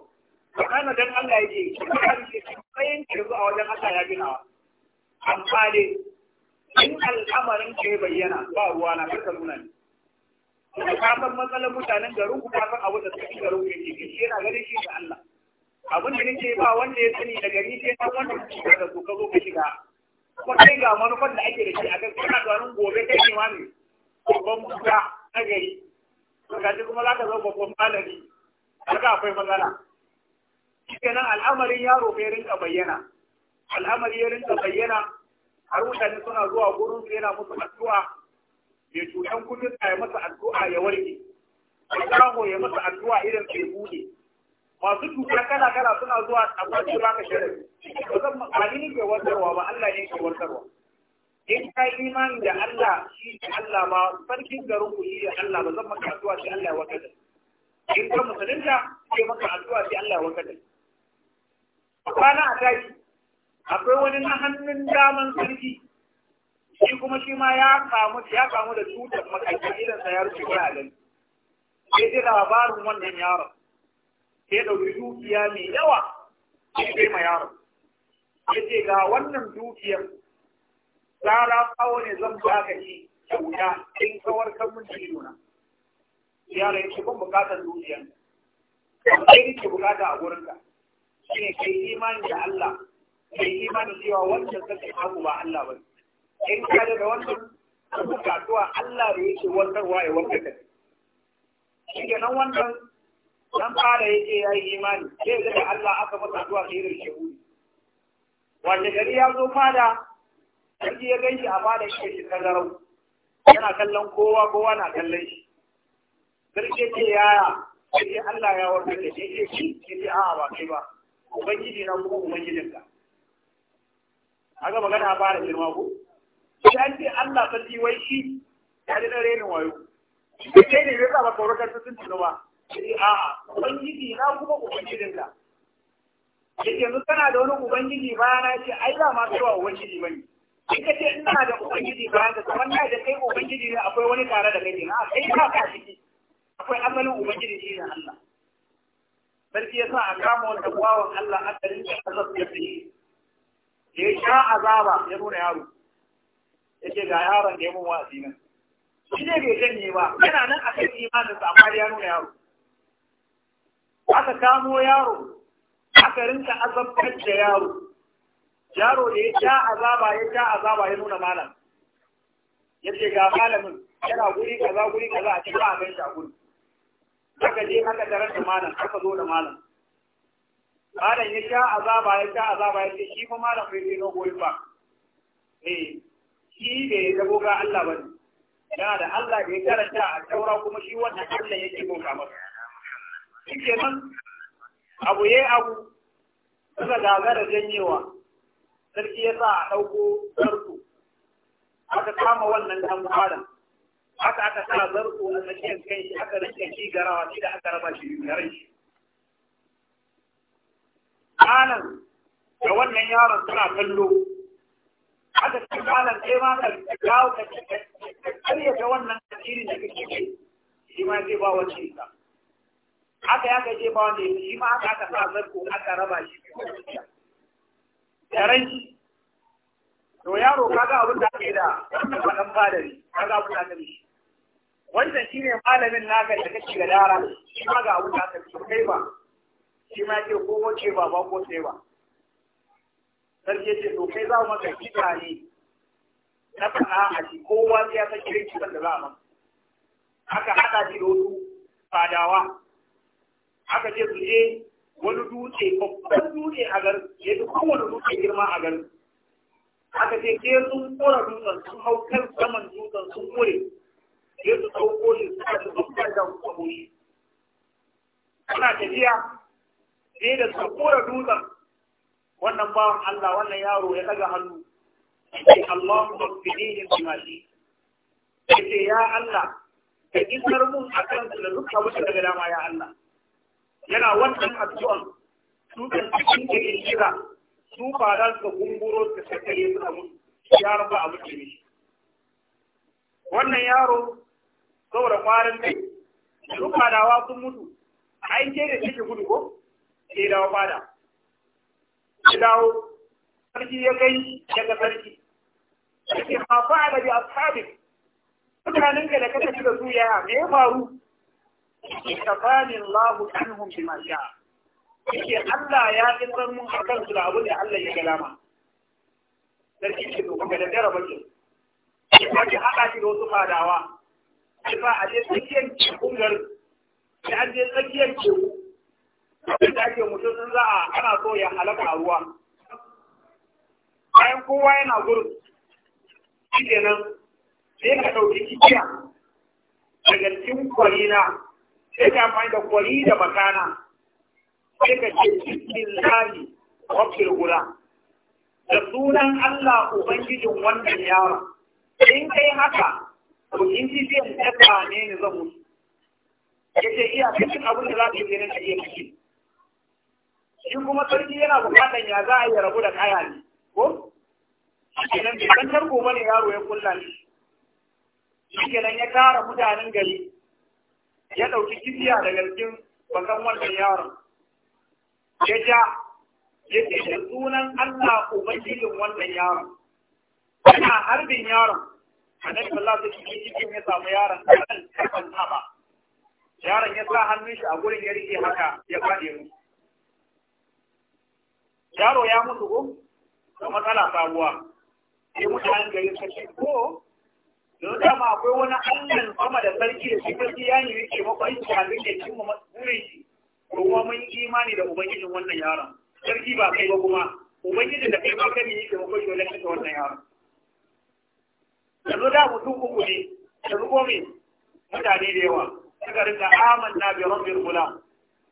Magana dan Allah yake shi kan shi tsayin kirzu a wajen Allah ya gina wa. Amma dai in al'amarin ka ya bayyana ba ruwa na karka nuna ni. Kuma ka san matsalar mutanen garin ku ka san abu da suke garin ku yake shi yana ganin shi da Allah. Abin da nake ba wanda ya sani da gari sai san wanda kuke da su ka zo ka shiga. Kuma kai ga manufar da ake da shi a kan kana garin gobe kai ne ma ne. Babban mutuwa na gari. Kaji kuma za ka zo babban malami. Kaga akwai matsala. kenan al'amarin yaro bai rinka bayyana al'amari ya rinka bayyana har mutane suna zuwa gurin su yana musu addu'a ya cutan kudin ya masa addu'a ya warke alƙaho ya masa addu'a irin sai bude masu cuta kala kala suna zuwa a kwanci ba ka shirin ba zan ba ni ke ba Allah ne ke warkarwa in ka yi imani da Allah shi ne Allah ba sarkin garin ku shi ne Allah ba zan maka addu'a shi Allah ya warkar in ka musulunta sai maka addu'a shi Allah ya warkar kwana a tashi akwai wani na hannun daman sarki shi kuma shi ma ya kamu ya kamu da cutar makaki idan sa ya rufe kai a sai dai labarin wannan yaron sai ɗauki dukiya mai yawa sai kai ma yaron ya ce ga wannan dukiyar tsara kawo ne zan baka shi kyauta in kawar kan mun nuna yaron ya ce ban bukatar dukiyar sai ke bukata a wurinka? shi ne kai imanin da Allah kai imanin cewa wancan sakin abu ba Allah ba in ka da wannan kasuwa Allah da yake warkarwa ya warkar da shi nan wannan dan fara yake ya yi imani sai ga Allah aka masa zuwa sai da shehu wanda gari ya zo fada sarki ya gan shi a fada shi shi kazarau yana kallon kowa kowa na kallon shi sarki ce yaya sai Allah ya warkar da shi ya ce a'a ba kai ba ubangiji na kuma ubangijinka haka magana fara girma ko sai an ce Allah ta ji wai shi ya ji na renin wayo sai ne ya saba kaurakar sun tuna ba sai a'a ubangiji na kuma ubangijinka yake yanzu kana da wani ubangiji ba na ce ai ba ma cewa ubangiji bane in ka ce ina da ubangiji ba da kamar na da kai ubangiji ne akwai wani tare da kai ne a kai ba ka ciki akwai asalin ubangiji shi ne Allah sarki ya sa a kama wanda bawan Allah aka rinka azab ya fi ya sha azaba ya nuna yaro ya ce ga yaron da ya mun wa'azi nan shi ne bai janye ba yana nan a kan imanin sa amma ya nuna yaro aka kamo yaro aka rinka azabtar da yaro yaro da ya sha azaba ya sha azaba ya nuna malam ya ce ga malamin yana guri kaza guri kaza a cikin abin shaguri aka je aka tarar da malam aka zo da malam malam ya sha azaba ya sha azaba ya ce shi fa malam bai zai na goyi ba eh shi ya zabo ga Allah ba ne yana da Allah da ya karanta a taura kuma shi wata Allah yake boka masa shi ke nan abu yayi abu suka gagara janyewa sarki ya sa a ɗauko sarku aka kama wannan ɗan malam haka aka sa zarko a tsakiyar kai shi aka rike shi garawa shi da aka raba shi garin shi kanan da wannan yaron suna kallo aka ce kanan sai ma ka gawo ka karyata wannan tasirin da kake ce shi ma zai ba wace ka haka ya gaje ba wanda shi ma aka aka sa zarko aka raba shi da rai to yaro kaga abin da ake da wannan faɗan fadari kaga abin da ake wannan shi ne malamin naka da kake ga dara shi ma ga abu da aka ci kai ba shi ma ke, ko wace ba ba ko sai ba sarki ce to kai za mu maka kisa ne na faɗa a shi kowa sai ya san kire kisan da za a maka aka haɗa shi da wasu fadawa aka ce su je wani dutse babban dutse a garin ya fi kowane dutse girma a garin aka ce ke sun kora dutsen sun hau kan saman dutsen sun kore sai su ɗauko shi su kashe da kwabo shi ana tafiya sai da su kora dutsen wannan bawan Allah wannan yaro ya ɗaga hannu sai Allah mu mafini ne kuma shi sai ya Allah ka isar mun a kansu da duk abin da daga dama ya Allah yana wannan addu'an su kan cikin da kira su fara su gunguro su sakare su a mutu ya raba abin da ne wannan yaro saboda kwarin kai duk fadawa sun mutu ai ke da kike gudu ko ke dawo fada ke dawo sarki ya kai daga sarki yake ma fa'ala bi ashabik mutanen ka da kake da su ya me ya faru kafani Allahu anhum bima sha'a ke Allah ya kisar mun a kansu da abu da Allah ya galama. Sarki ce to kaga da dare bakin. Wani haɗa shi da wasu fadawa. ake ba a je tsakiyar tekun garin sai an je tsakiyar teku abin da ake mutum sun za a ana so ya halaka a ruwa bayan kowa yana gurin shi kenan sai ka ɗauki kikiya daga cikin kwarina sai ka amfani da kwari da makana sai ka ce cikin lahi wakil gula da sunan Allah Ubangijin wannan yaron in kai haka to in ji biyan ta ne ni zan mutu ya ce iya cikin abin da za ka yi kenan ka iya mutu shi kuma sarki yana bukatan ya za a yi rabu da kaya ne ko kenan bai san tarko mana yaro ya kulla ne shi kenan ya tara mutanen gari ya ɗauki kibiya daga cikin bakan wannan yaron ya ja ya ce da sunan Allah ubangijin wannan yaron ana harbin yaron annabi sallallahu alaihi wasallam cikin ya samu yaron kan kan ba yaron ya sa hannun shi a gurin ya rike haka ya fade mu yaro ya mutu ko da matsala sabuwa sai mutanen gari suka ce ko don dama akwai wani annan sama da sarki da cikin siyani yake mafarki a rike cin mu burin shi ko kuma mun imani da ubangijin wannan yaron sarki ba kai ba kuma ubangijin da kai ba kai yake mafarki da wannan yaron yanzu da mutum uku ne yanzu ko mutane da yawa suka rinka na bi rabbil kula,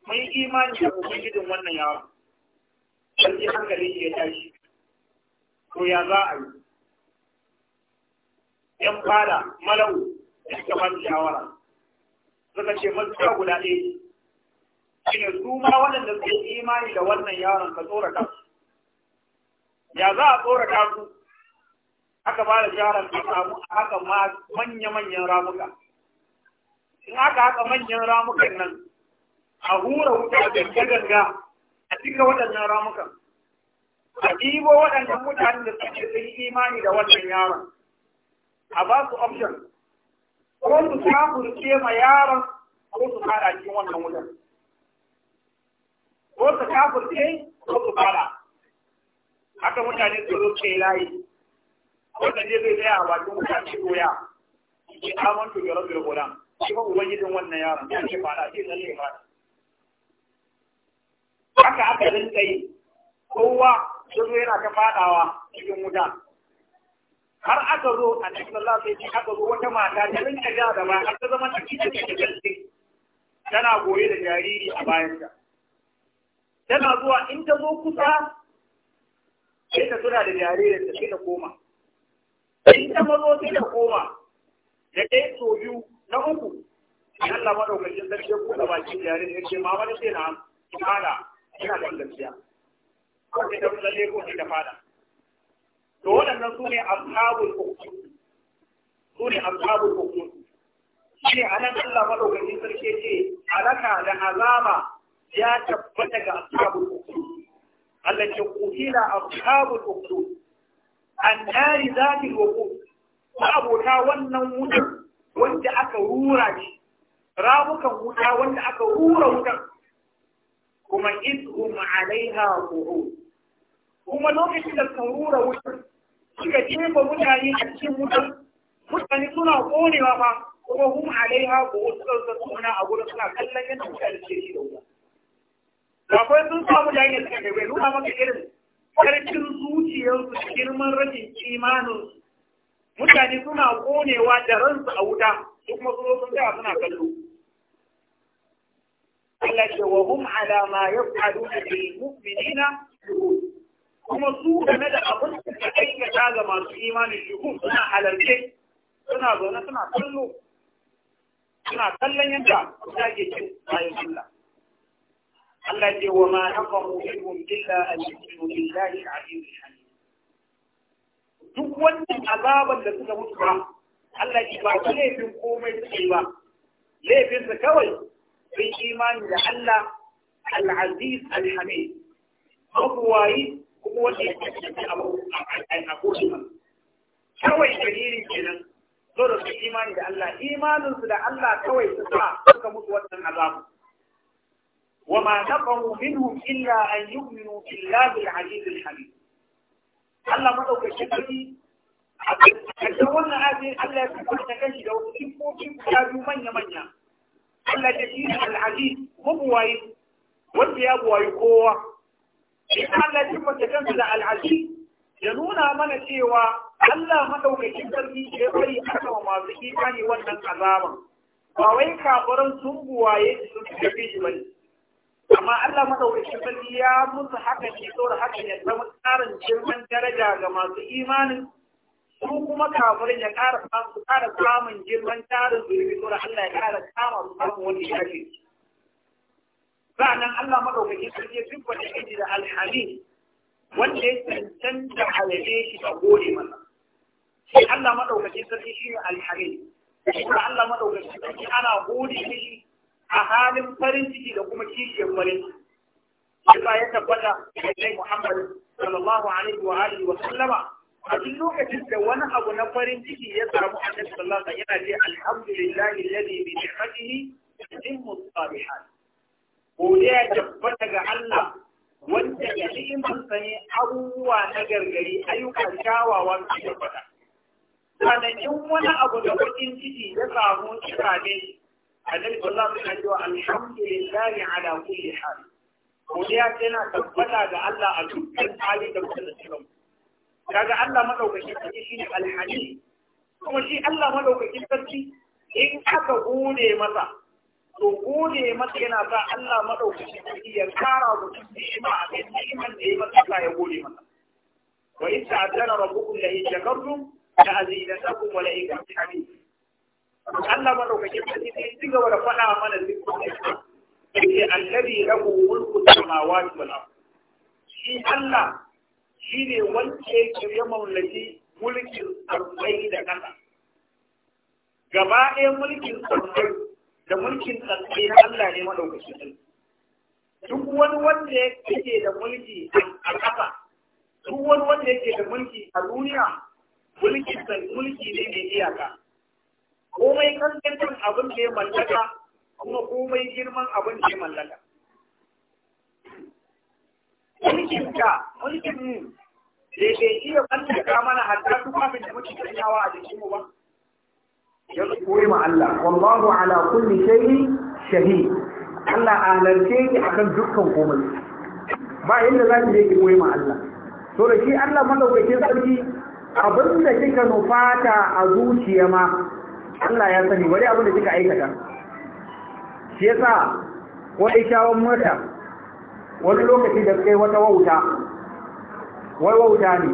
mun imani da gidan wannan yawa sai hankali ya tashi to ya za a yi yan fara malau da suka ba shawara suka ce mutuwa guda ɗaya shi ne su ma waɗanda suke imani da wannan yaron ka tsorata su ya za a tsorata su aka ba da jaran a samu a haka manya-manyan ramuka in aka haka manyan ramukan nan a hura wuta ganga ganga a cika waɗannan ramukan a ɗibo waɗannan mutanen da suke sun imani da wannan yaron a ba su option ko su kafurce ma yaron ko su fara cikin wannan wutan. ko su kafurce ko su fara haka mutane su zo ke layi wannan ne zai tsaya a bakin mutane doya ki amantu bi rabbil gulam shi ba ubangijin wannan yaron ya ce fara ce lalle ya fara haka aka rinka yi kowa sun yana ta fadawa cikin wuta har aka zo a cikin Allah sai ce aka zo wata mata ta rinka ja da ba har ta zama ta kice ta gaske tana goye da jariri a bayanta tana zuwa in ta zo kusa sai ta tura da jaririn ta sai ta koma in ta mazo sai ta koma da ɗaya so biyu na uku in Allah madaukakin sarki ya buɗe bakin yare ya ce ma wani sai na fada ina da gaskiya ko sai ta tsalle ko sai ta fada to waɗannan su ne ashabul ukhud su ne ashabul ukhud shi nan Allah madaukakin sarki ya ce alaka da azama ya tabbata ga ashabul ukhud Allah ya ce kutila ashabul ukhud zafi roƙo wuqu abota wannan wutar wanda aka rura shi ramukan wuta wanda aka rura wutar kuma izhum alaiha qu'ud kuma lokacin da suka rura wutar suka jefa mutane a cikin wutar mutane suna ƙonewa fa kuma hum alaiha qu'ud suka zauna a gurin suna kallon yadda mutane ke shi da wuta akwai sun samu da yake suka kai bai nuna maka irin karfin zuciyarsu da girman rashin imaninsu mutane suna konewa da ransu a wuta su kuma su sun tsaya suna kallo Allah ce wa hum ala ma yaf'alu bil mu'minina kuma su game da abin da suka aikata ga masu imanin shuhud suna halarce suna zaune suna kallo suna kallon yadda suke cin bayan Allah Allah ce wa ma naqamu minhum illa an yu'minu billahi al-'aliyyil halim duk wannan azaban da suka mutu ba Allah ce ba ta laifin komai suke ba Laifinsa kawai sun imani da Allah al-aziz al-hamid mabuwayi kuma wanda ya kasance abu a kodin kawai dalilin kenan zo da su imani da Allah imaninsu da Allah kawai su sa suka mutu wannan azabu وما نقموا منهم إلا أن يؤمنوا بالله العزيز الحميد Allah madaukakin sarki a ƙarshen wannan ajin Allah ya tafi da kanshi da wasu siffofin guda biyu manya-manya. Allah ya shi al'aziz mabuwayi wanda ya buwayi kowa. Ina Allah ya tafi da kansa da al'aziz ya nuna mana cewa Allah madaukakin sarki ya bari a wa masu imani wannan azaban. Ba wai kafiran sun buwaye sun tafi shi bane. amma Allah madaukakin sarki ya musu haka ne da haka ya zama tsarin girman daraja ga masu imanin su kuma kafirin ya ƙara su ƙara samun girman tarin su zurfi da Allah ya ƙara kama su samun wani shafi sa'annan Allah madaukakin sarki ya tabbata kaji da alhali wanda ya cancanta halaye shi da gode masa Allah madaukakin sarki shi ne alhali Allah madaukakin sarki ana gode shi. a halin farin ciki da kuma kishiyar farin ciki yasa ya tabbata da Muhammad sallallahu alaihi wa alihi wa sallama a duk lokacin da wani abu na farin ciki ya samu a annabi sallallahu alaihi wa yana ce alhamdulillahi alladhi bi ni'matihi tatimmu salihat godiya tabbata ga Allah wanda ya ni'imar sa ne abubuwa na gargari ayyukan kyawawan su tabbata sannan in wani abu da bakin ciki ya samu kira ne annabi sallallahu alaihi wasallam cewa alhamdulillahi ala kulli hal godiya tana tabbata ga Allah a dukkan hali da mutum da cikin kaga Allah madaukaki shi shine alhali kuma shi Allah madaukakin sarki in aka gode masa to gode masa yana sa Allah madaukakin sarki ya kara mutum ni'ima a kan ni'iman da ya masa ya gode masa wa in ta'azzana rabbukum la in shakartum la azidannakum wa la in kafartum Allah madaukakin sarki sai ci gaba da faɗa mana sifofin yake alladhi lahu mulku samawati wal ard shi Allah shine wanda yake ya mallaki mulkin sarki da ƙasa gaba ɗaya mulkin sarki da mulkin sarki na Allah ne madaukakin sarki duk wani wanda yake da mulki a ƙasa duk wani wanda yake da mulki a duniya mulkin mulki ne mai iyaka komai kankancin abin da ya mallaka kuma komai girman abin da ya mallaka mulkin ka mulkin mu da bai iya mallaka mana hatta duk abin da muke kanyawa a jikin mu ba yanzu koyi ma Allah wallahu ala kulli shay'in shahi. Allah a halarce a kan dukkan komai ba inda za ki je ki koyi ma Allah to da shi Allah madaukakin sarki abin da kika nufata a zuciya ma Allah ya sani wani abin da kika aikata shi yasa wani shawon mota wani lokaci da kai wata wauta wai wauta ne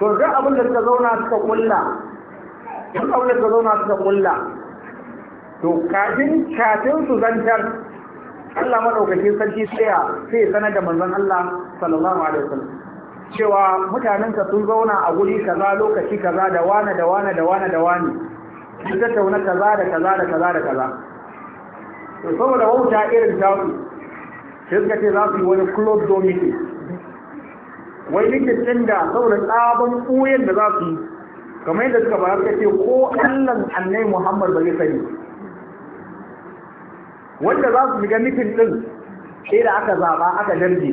to duk abin da suka zauna suka kulla duk abin da suka zauna suka kulla to kafin kafin su zantar Allah madaukakin sarki tsaya sai sanar da manzon Allah sallallahu alaihi wasallam cewa mutanen ka sun zauna a guri kaza lokaci kaza da wani da wani da wani da wani su tattauna kaza da kaza da kaza da kaza to saboda wauta irin tasu sai suka ce za su yi wani club domini wai nake cin da saboda tsabon ɓoyen da za su yi kamar yadda suka bayar suka ce ko allan annai muhammad ba zai sani wanda za su shiga mitin ɗin sai da aka zaɓa aka darje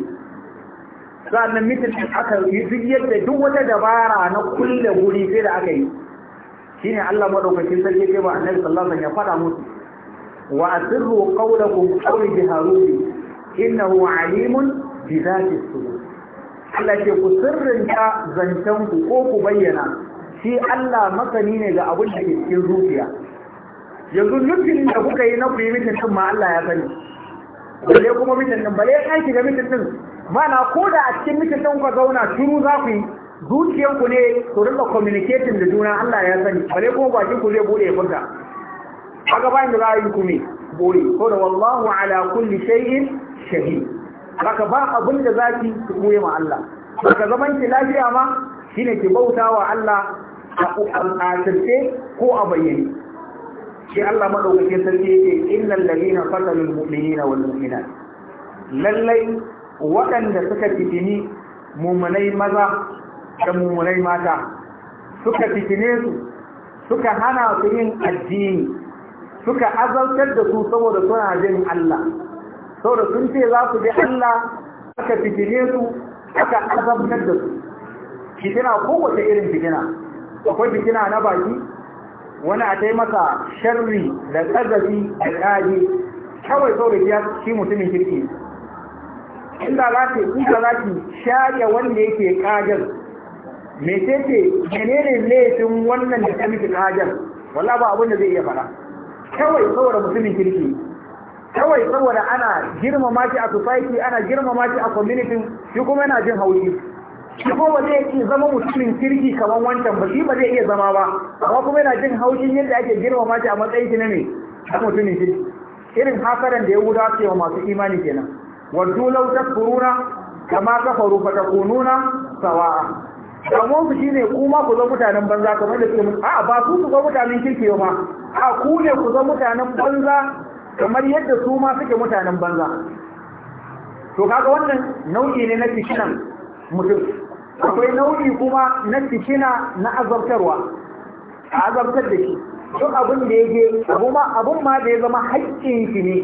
sa'annan mitin ɗin aka yi duk yadda duk wata dabara na kulle guri sai da aka yi shine Allah madaukakin sarki ya ba annabi sallallahu alaihi wasallam ya fada musu wa asirru qawlakum qawli biharubi innahu alimun bi dhati sudur Allah ke ku sirrinta zancen ku ko ku bayyana shi Allah masani ne ga abin da ke cikin zuciya yanzu nufin da kuka yi na kuyi mitin din ma Allah ya sani bale kuma mitin din bale ya aiki ga mitin din mana ko da a cikin mitin din ku zauna turu za ku yi zuciyanku ne ku rinka communicating da juna Allah ya sani bare kuma bakin ku zai bude ya furta kaga bayan da ra'ayin a yi ku ne ko da wallahu ala kulli shay'in shahid haka ba abin da zaki ku koyi ma Allah haka zaman ki lafiya ma shine ki bauta wa Allah a asirce ko a bayyane shi Allah madaukakin sarki yake innal ladina qatalu mu'minina wal mu'minat lallai waɗanda suka fitini muminai maza da mummunai mata suka fitine su suka hana su yin addini suka azaltar da su saboda suna jin Allah saboda sun ce za su bi Allah suka fitine su suka azabtar da su fitina kowace irin fitina akwai fitina na baki wani a tai masa sharri da tsagazi da ƙage kawai saboda ya shi mutumin kirki inda za yi kusa za ki shaƙe wanda yake ƙagen mecece menene laifin wannan da ta miki hajar wala ba abin da zai iya fara kawai saboda mutumin kirki kawai saboda ana girma shi a society ana girma shi a community shi kuma yana jin haushi shi ko ba zai iya zama mutumin kirki kamar wancan ba shi ba zai iya zama ba amma kuma yana jin haushin yadda ake girma shi a matsayin shi na ne a mutumin kirki irin hasaran da ya wuda cewa masu imani kenan waddu law takfuruna kama kafaru fatakununa sawa'a kamo su shine ku ma ku zama mutanen banza kamar da suke a'a ba su su zama mutanen kirki ma a ku ne ku zama mutanen banza kamar yadda su ma suke mutanen banza to kaga wannan nau'i ne na fitinan mutum akwai nau'i kuma na fitina na azabtarwa a azabtar da shi duk abin da yake je, abun ma da ya zama haƙƙin ki ne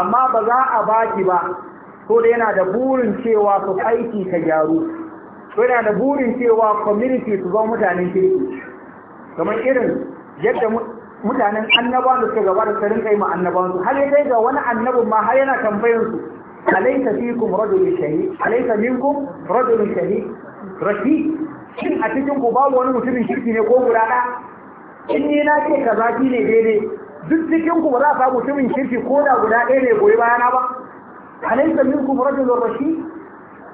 amma ba za a baki ba ko da yana da burin cewa su aiki ka gyaru to yana da burin cewa community su zama mutanen kirki kamar irin yadda mutanen annaba da suka gaba da sarin kai ma annaban su har ya kai ga wani annabin ma har yana tambayan su alaysa fikum rajulun shahi alaysa minkum rajulun shahi rafi shin a cikin ku babu wani mutumin kirki ne ko guda da in ni na ce kaza ki ne daidai duk cikin ku ba za a samu mutumin kirki ko da guda ɗaya ne goyi bayana ba alaysa minkum rajulun rashi.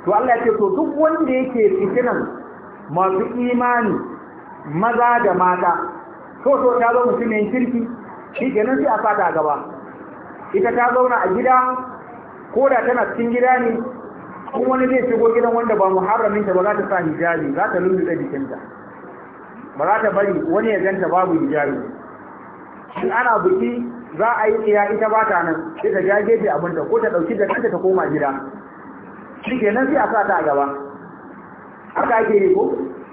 to Allah ya ce to duk wanda yake fitinan masu imani maza da mata to to ta zo mutumin kirki shi kenan sai a fata gaba ita ta zauna a gida ko da tana cikin gida ne kuma wani zai shigo gidan wanda ba muharramin ta ba za ta sa hijabi za ta lulluɗe jikinta ba za ta bari wani ya ganta babu hijabi shi ana buki za a yi iya ita ba ta nan sai ta jage ta abinta ko ta ɗauki da kanta ta koma gida shi kenan sai a sa ta a gaba haka ake yi ko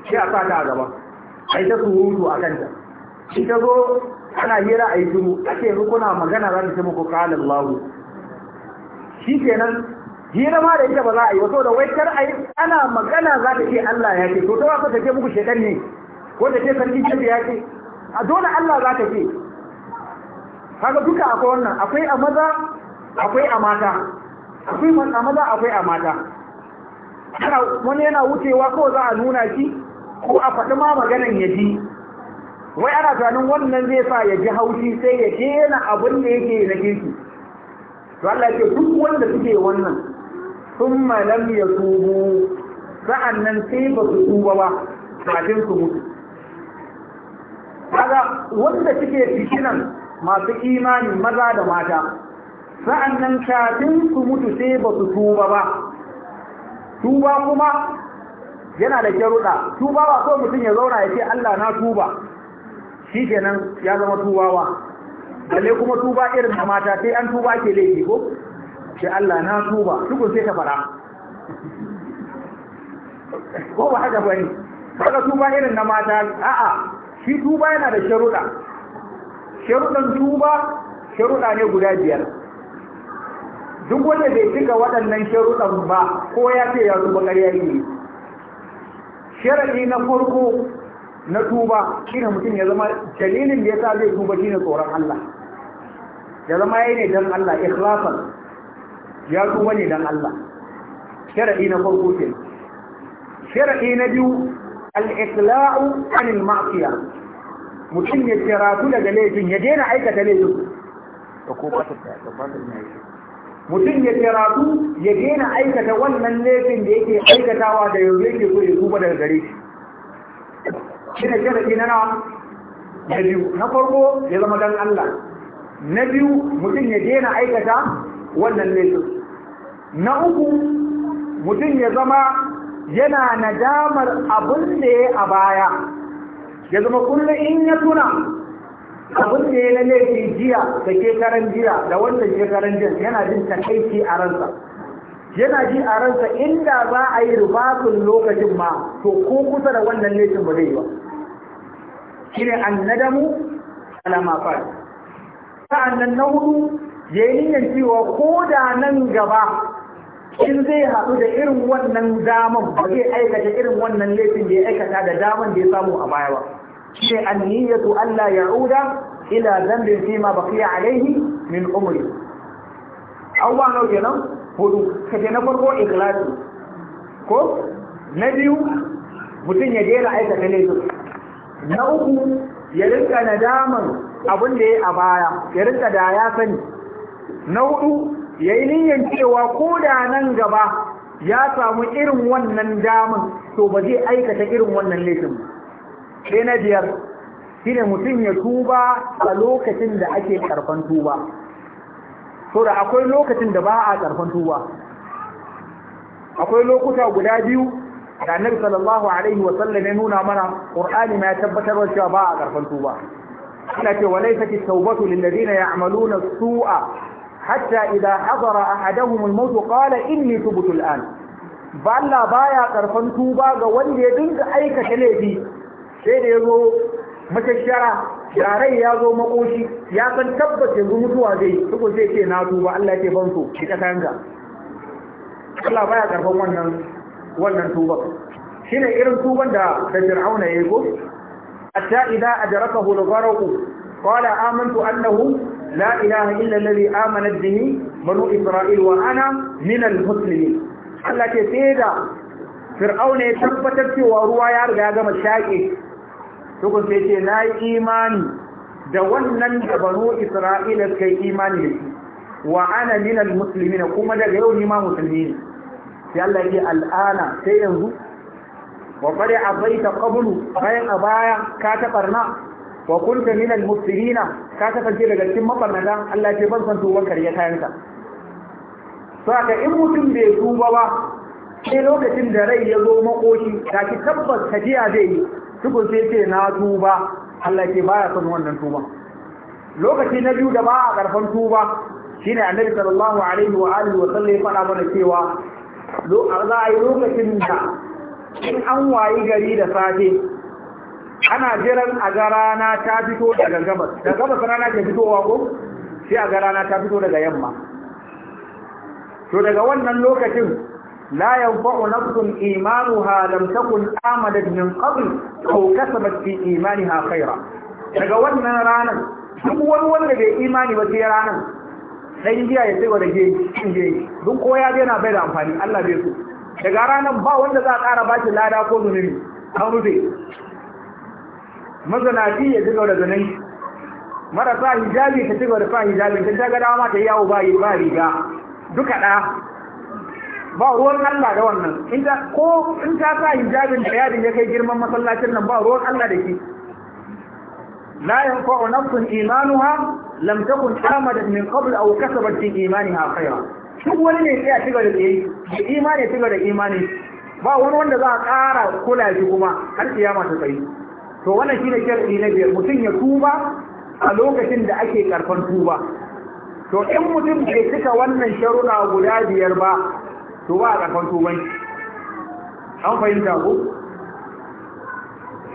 sai a sa ta a gaba a yi ta surutu a kanta shi ta zo ana hira a yi shiru ake yanzu kuna magana za ta ce ko kalin lahu shi kenan hira ma da ita ba za a yi wato da wai a yi ana magana za ta ce Allah ya ce to ta wasu ta ce muku shekar ne ko ta ce sarki ce ya ce a dole Allah za ta ce kaga duka akwai wannan akwai a maza akwai a mata akwai a maza akwai a mata wani yana wucewa ko za a nuna shi ko a faɗi ma maganan ya ji wai ana tunanin wannan zai sa ya ji haushi sai ya daina abin da yake na kirki to Allah ce duk wanda suke wannan ya tubu yatubu nan sai ba su tuba ba kafin su mutu kaga wanda suke cikinan masu imani maza da mata sa'an nan kafin su mutu sai ba su tuba ba tuba kuma yana da kyaruɗa tuba ba so mutum ya zauna ya ce Allah na tuba shi kenan ya zama tubawa balle kuma tuba irin da mata sai an tuba ke laifi ko ce Allah na tuba tukun sai ka fara ko ba haka bane haka tuba irin na mata a'a shi tuba yana da sharuɗa sharuɗan tuba sharuɗa ne guda biyar duk wanda bai cika waɗannan sharuɗan ba ko ya ce ya tuba ƙarya ne sharaɗi na farko na tuba shine mutum ya zama dalilin da ya sa zai tuba shine tsoron Allah ya zama yayi ne dan Allah ikhlasan ya tuba ne dan Allah sharaɗi na farko ce sharaɗi na biyu al-iqla'u anil ma'siyah mutum ya tsira daga laifin ya daina aikata laifin ko ko ba ta ba ta ne mutum ya karatu ya daina aikata wannan laifin da yake aikatawa da yau, yake so ya zuba daga gare shi shine sharadi na na biyu na farko ya zama dan Allah na biyu mutum ya daina aikata wannan laifin na uku mutum ya zama yana nadamar abin da ya a baya ya zama kullum in ya tuna abin da ya na laifin jiya da shekaran jiya da wannan shekaran jiya yana jin takaici a ransa yana ji a ransa inda za a yi rubatun lokacin ma to ko kusa da wannan laifin ba zai yi ba shi ne an nadamu alama fara sa'annan na hudu ya yi niyyar cewa ko da nan gaba in zai haɗu da irin wannan daman ba zai aikata irin wannan laifin da ya aikata da daman da ya samu a baya ba ce anniyatu Allah ya'uda ila zambin fi ma baqiya alaihi min umri awwa no kenan hudu kaje na farko ikhlasi ko na biyu mutum ya daina aikata laifin na uku ya rinka nadaman abin da ya a baya ya rinka da ya sani na hudu ya yi niyyar cewa ko da nan gaba ya samu irin wannan daman to ba zai aikata irin wannan laifin ba sai na biyar shi ne mutum ya tuba a lokacin da ake karfan tuba so da akwai lokacin da ba a karfan tuba akwai lokuta guda biyu da annabi sallallahu alaihi wa sallam ya nuna mana qur'ani ma ya tabbatar da cewa ba a karfan tuba ina ce walaysa at-tawbatu lil ladina ya'maluna as-su'a hatta idha hadara ahaduhum al-maut qala inni tubtu al-an ba Allah baya karfan tuba ga wanda ya dinga aikata laifi sai da ya zo matashara rarai ya zo makoshi ya san tabbas yanzu mutuwa zai suku zai ce na duba Allah ya ce ban so ki kasa yanka Allah baya karfan wannan wannan tuba shine irin tuban da da Fir'auna ya yi ko hatta idza ajrakahu al-gharq qala amantu annahu la ilaha illa alladhi amanat bihi banu isra'il wa ana min al-muslimin Allah ke sai da Fir'auna ya tabbatar cewa ruwa ya riga ya gama shaƙe tukun sai ce na yi imani da wannan da banu isra'ila suka imani da shi wa ana minal muslimina kuma daga yau ni ma musulmi ne sai Allah ya al'ana sai yanzu wa a baita qablu bayan a baya ka ta barna wa kunta minal mufsirina ka kasance daga cikin mabarnada Allah ya ban san tuban kariya kayanka saka in mutum bai tuba ba sai lokacin da rai ya zo makoki, da ki tabbas jiya zai yi tukun sai ce na tuba Allah ke baya son wannan tuba lokaci na biyu da ba a karfan tuba shine annabi sallallahu alaihi wa alihi wa sallam ya fara mana cewa lo arza yi lokacin da in an wayi gari da safe ana jiran a ga rana ta fito daga gabas daga gabas rana ke fitowa ko sai a ga rana ta fito daga yamma to daga wannan lokacin لا ينفع نفس إيمانها لم تكن آمدت من قبل أو كسبت في إيمانها خيرا daga wannan ranar duk wani wanda bai imani ba sai ranar ya tsaye da geji don ko ya yana bai da amfani Allah bai so daga ranar ba wanda za a ƙara ba shi lada ko zunubi an rufe mazanaci ya ci da zanai marasa hijabi ta ci da hijabi ta ga ta yawo ba riga duka ba ruwan Allah da wannan in ta ko in ka sa hijabin da yadin ya kai girman masallacin nan ba ruwan Allah da shi la yanfa'u nafsun imanuha lam takun amadat min qabl aw kasabat fi imaniha khayra duk wani ne ya shiga da yayi da imani shiga da imani ba wani wanda za a ƙara kula shi kuma har kiyama ta tsayi. to wannan shine sharadi na biyar mutum ya tuba a lokacin da ake karfan tuba to in mutum bai cika wannan sharuna guda biyar ba to ba a karɓar tubanci an fahimta ko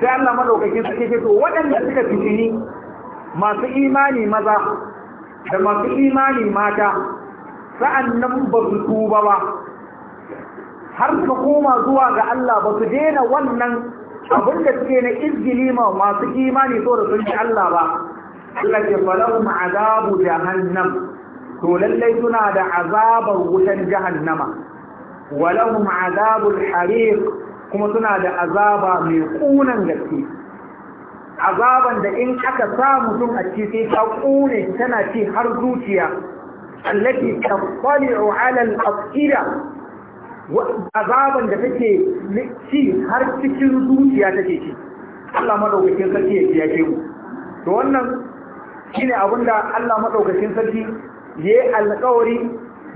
sai Allah madaukakin suke ce to waɗanda suka fitini masu imani maza da masu imani mata sa'an nan ba su tuba ba har su koma zuwa ga Allah ba su daina wannan abin da suke na izgili ma masu imani so da sun ci Allah ba Allah ke falahum azabu jahannam to lallai suna da azabar wutan jahannama walahum azabul hariq kuma suna da azaba mai kunan gaske azaban da in aka sa mutum a ci sai ta kune tana ci har zuciya allati taqali'u 'ala al-afida azaban da take ci har cikin zuciya take ci Allah madaukakin sarki ya ke. mu to wannan shine abinda Allah madaukakin sarki yayi alƙawari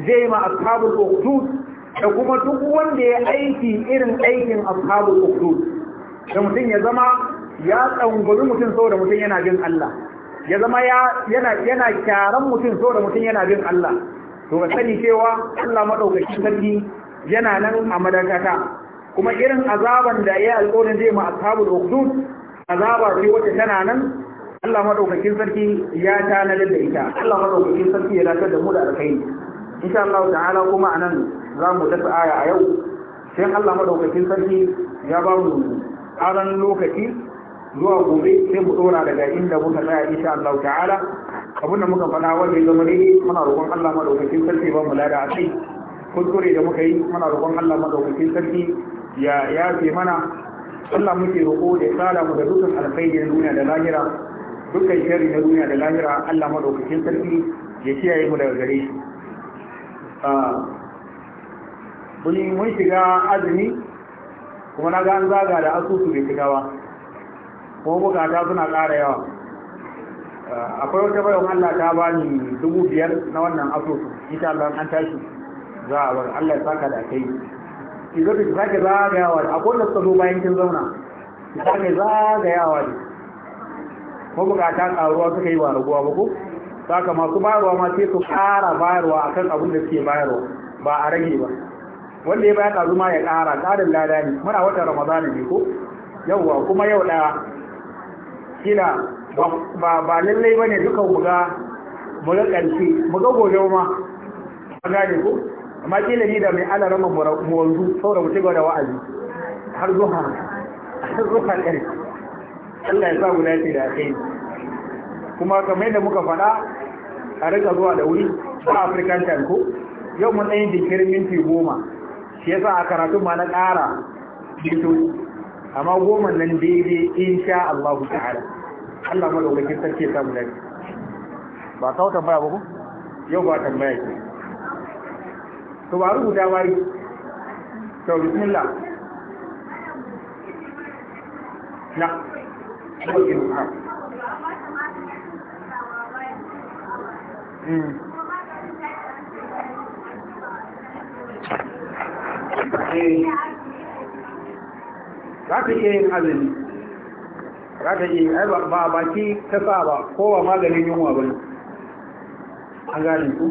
zai ma ashabul ukhdud da kuma duk wanda ya aiki irin aikin ashabu ukhdud da mutum ya zama ya tsangwari mutum saboda mutum yana bin Allah ya zama yana yana kyaran mutum saboda mutum yana bin Allah to ka sani cewa Allah madaukaki sarki yana nan a madakata kuma irin azaban da ya alƙawarin zai ma ashabul ukhdud azaba ce wacce tana nan Allah madaukakin sarki ya tanadar da ita Allah madaukakin sarki ya dace da mu da alkhairi insha Allah ta'ala kuma anan za mu dasa aya a yau sai Allah madaukakin sarki ya ba mu aran lokaci zuwa gobe sai mu dora daga inda muka tsaya insha Allah ta'ala abinda muka faɗa wanda zama ne muna roƙon Allah madaukakin sarki ba mu lada a kai kuskure da muka yi muna roƙon Allah madaukakin sarki ya yafe mana Allah muke roƙo da ya tsara mu da dukkan alkhairin duniya da lahira dukkan shari na duniya da lahira Allah madaukakin sarki ya kiyaye mu daga gare shi ah, mun shiga azumi kuma na ga an zaga da asusu bai shiga ba ko bukata suna ƙara yawa eh, akwai wata bayan Allah ta bani dubu biyar na wannan asusu ita Allah an tashi za a bar Allah ya saka da kai ki zo ki sake zagayawa akwai da tsaro bayan kin zauna ki sake zagayawa ne ko bukata ƙaruwa suka yi ba raguwa ba ko saka masu bayarwa ma sai su ƙara bayarwa akan abin da suke bayarwa ba a rage ba wanda ya baya ƙaruma ya ƙara ƙarin lada ne muna watan ramadana ne ko yauwa kuma yau ɗaya kila ba ba lallai ba ne duka buga buga ƙarfi buga gobe ma a gane ko amma kila ni da mai alarama mu wanzu saura mutu ga da wa'azi har zuwa har zuwa ƙarfi Allah ya sa guda ce da kai kuma kamar yadda muka faɗa a rika zuwa da wuri ba afirkan tanko yau mun ɗan jikirin jinkirin minti goma shi yasa a karatun ma na ƙara fito amma goma nan daidai insha Allah ta'ala Allah ma madaukakin sarki ya samu lafiya ba kawo tambaya ba ko yau ba tambaya ke to ba rubuta bari to bismillah na mm eh za ka iya yin azumi za ka iya yin ba baki ta sa ba ko ba maganin yunwa ba ne an gane ku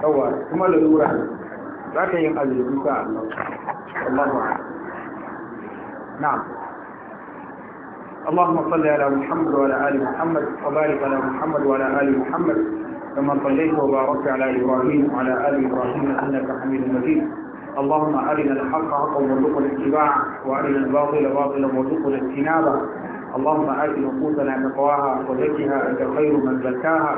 kawai kuma lalura za ka yin azumi sa Allah Allahu na'am اللهم صل على محمد وعلى آل محمد وبارك على محمد وعلى آل محمد كما صليت وباركت على إبراهيم وعلى آل إبراهيم إنك حميد مجيد اللهم أرنا الحق حقا وارزقنا اتباعه وأرنا الباطل باطلا وارزقنا اجتنابه اللهم آت نفوسنا تقواها وزكها أنت خير من زكاها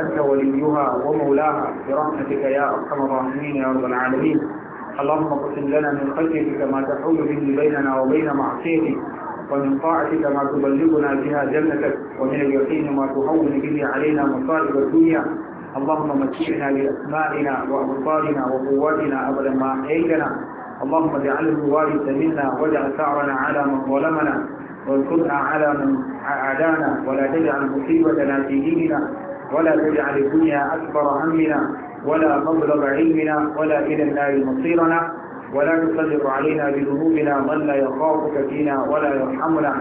أنت وليها ومولاها برحمتك يا أرحم الراحمين يا رب العالمين اللهم اقسم لنا من خشيتك ما تحول به بيننا وبين معصيتك ومن طاعتك ما تبلغنا بها جنتك ومن اليقين ما تهون به علينا مصائب الدنيا اللهم مكينا لأسمائنا وأبصارنا وقواتنا أبدا ما أحييتنا اللهم اجعله وارثا منا واجعل ثأرنا على من ظلمنا وانصرنا على من عادانا ولا تجعل مصيبتنا في ديننا ولا تجعل الدنيا أكبر همنا ولا مبلغ علمنا ولا إلى النار مصيرنا ولا تسلط علينا بذنوبنا من لا يخافك فينا ولا يرحمنا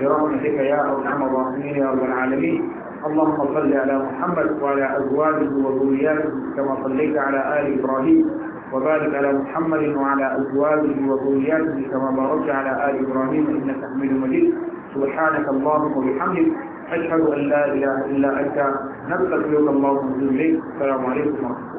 برحمتك يا أرحم الراحمين يا رب العالمين اللهم صل على محمد وعلى أزواجه وذرياته كما صليت على آل إبراهيم وبارك على محمد وعلى أزواجه وذرياته كما باركت على آل إبراهيم إنك حميد مجيد سبحانك اللهم وبحمدك أشهد أن لا إله إلا أنت نستغفرك اللهم وبحمدك السلام عليكم ورحمة الله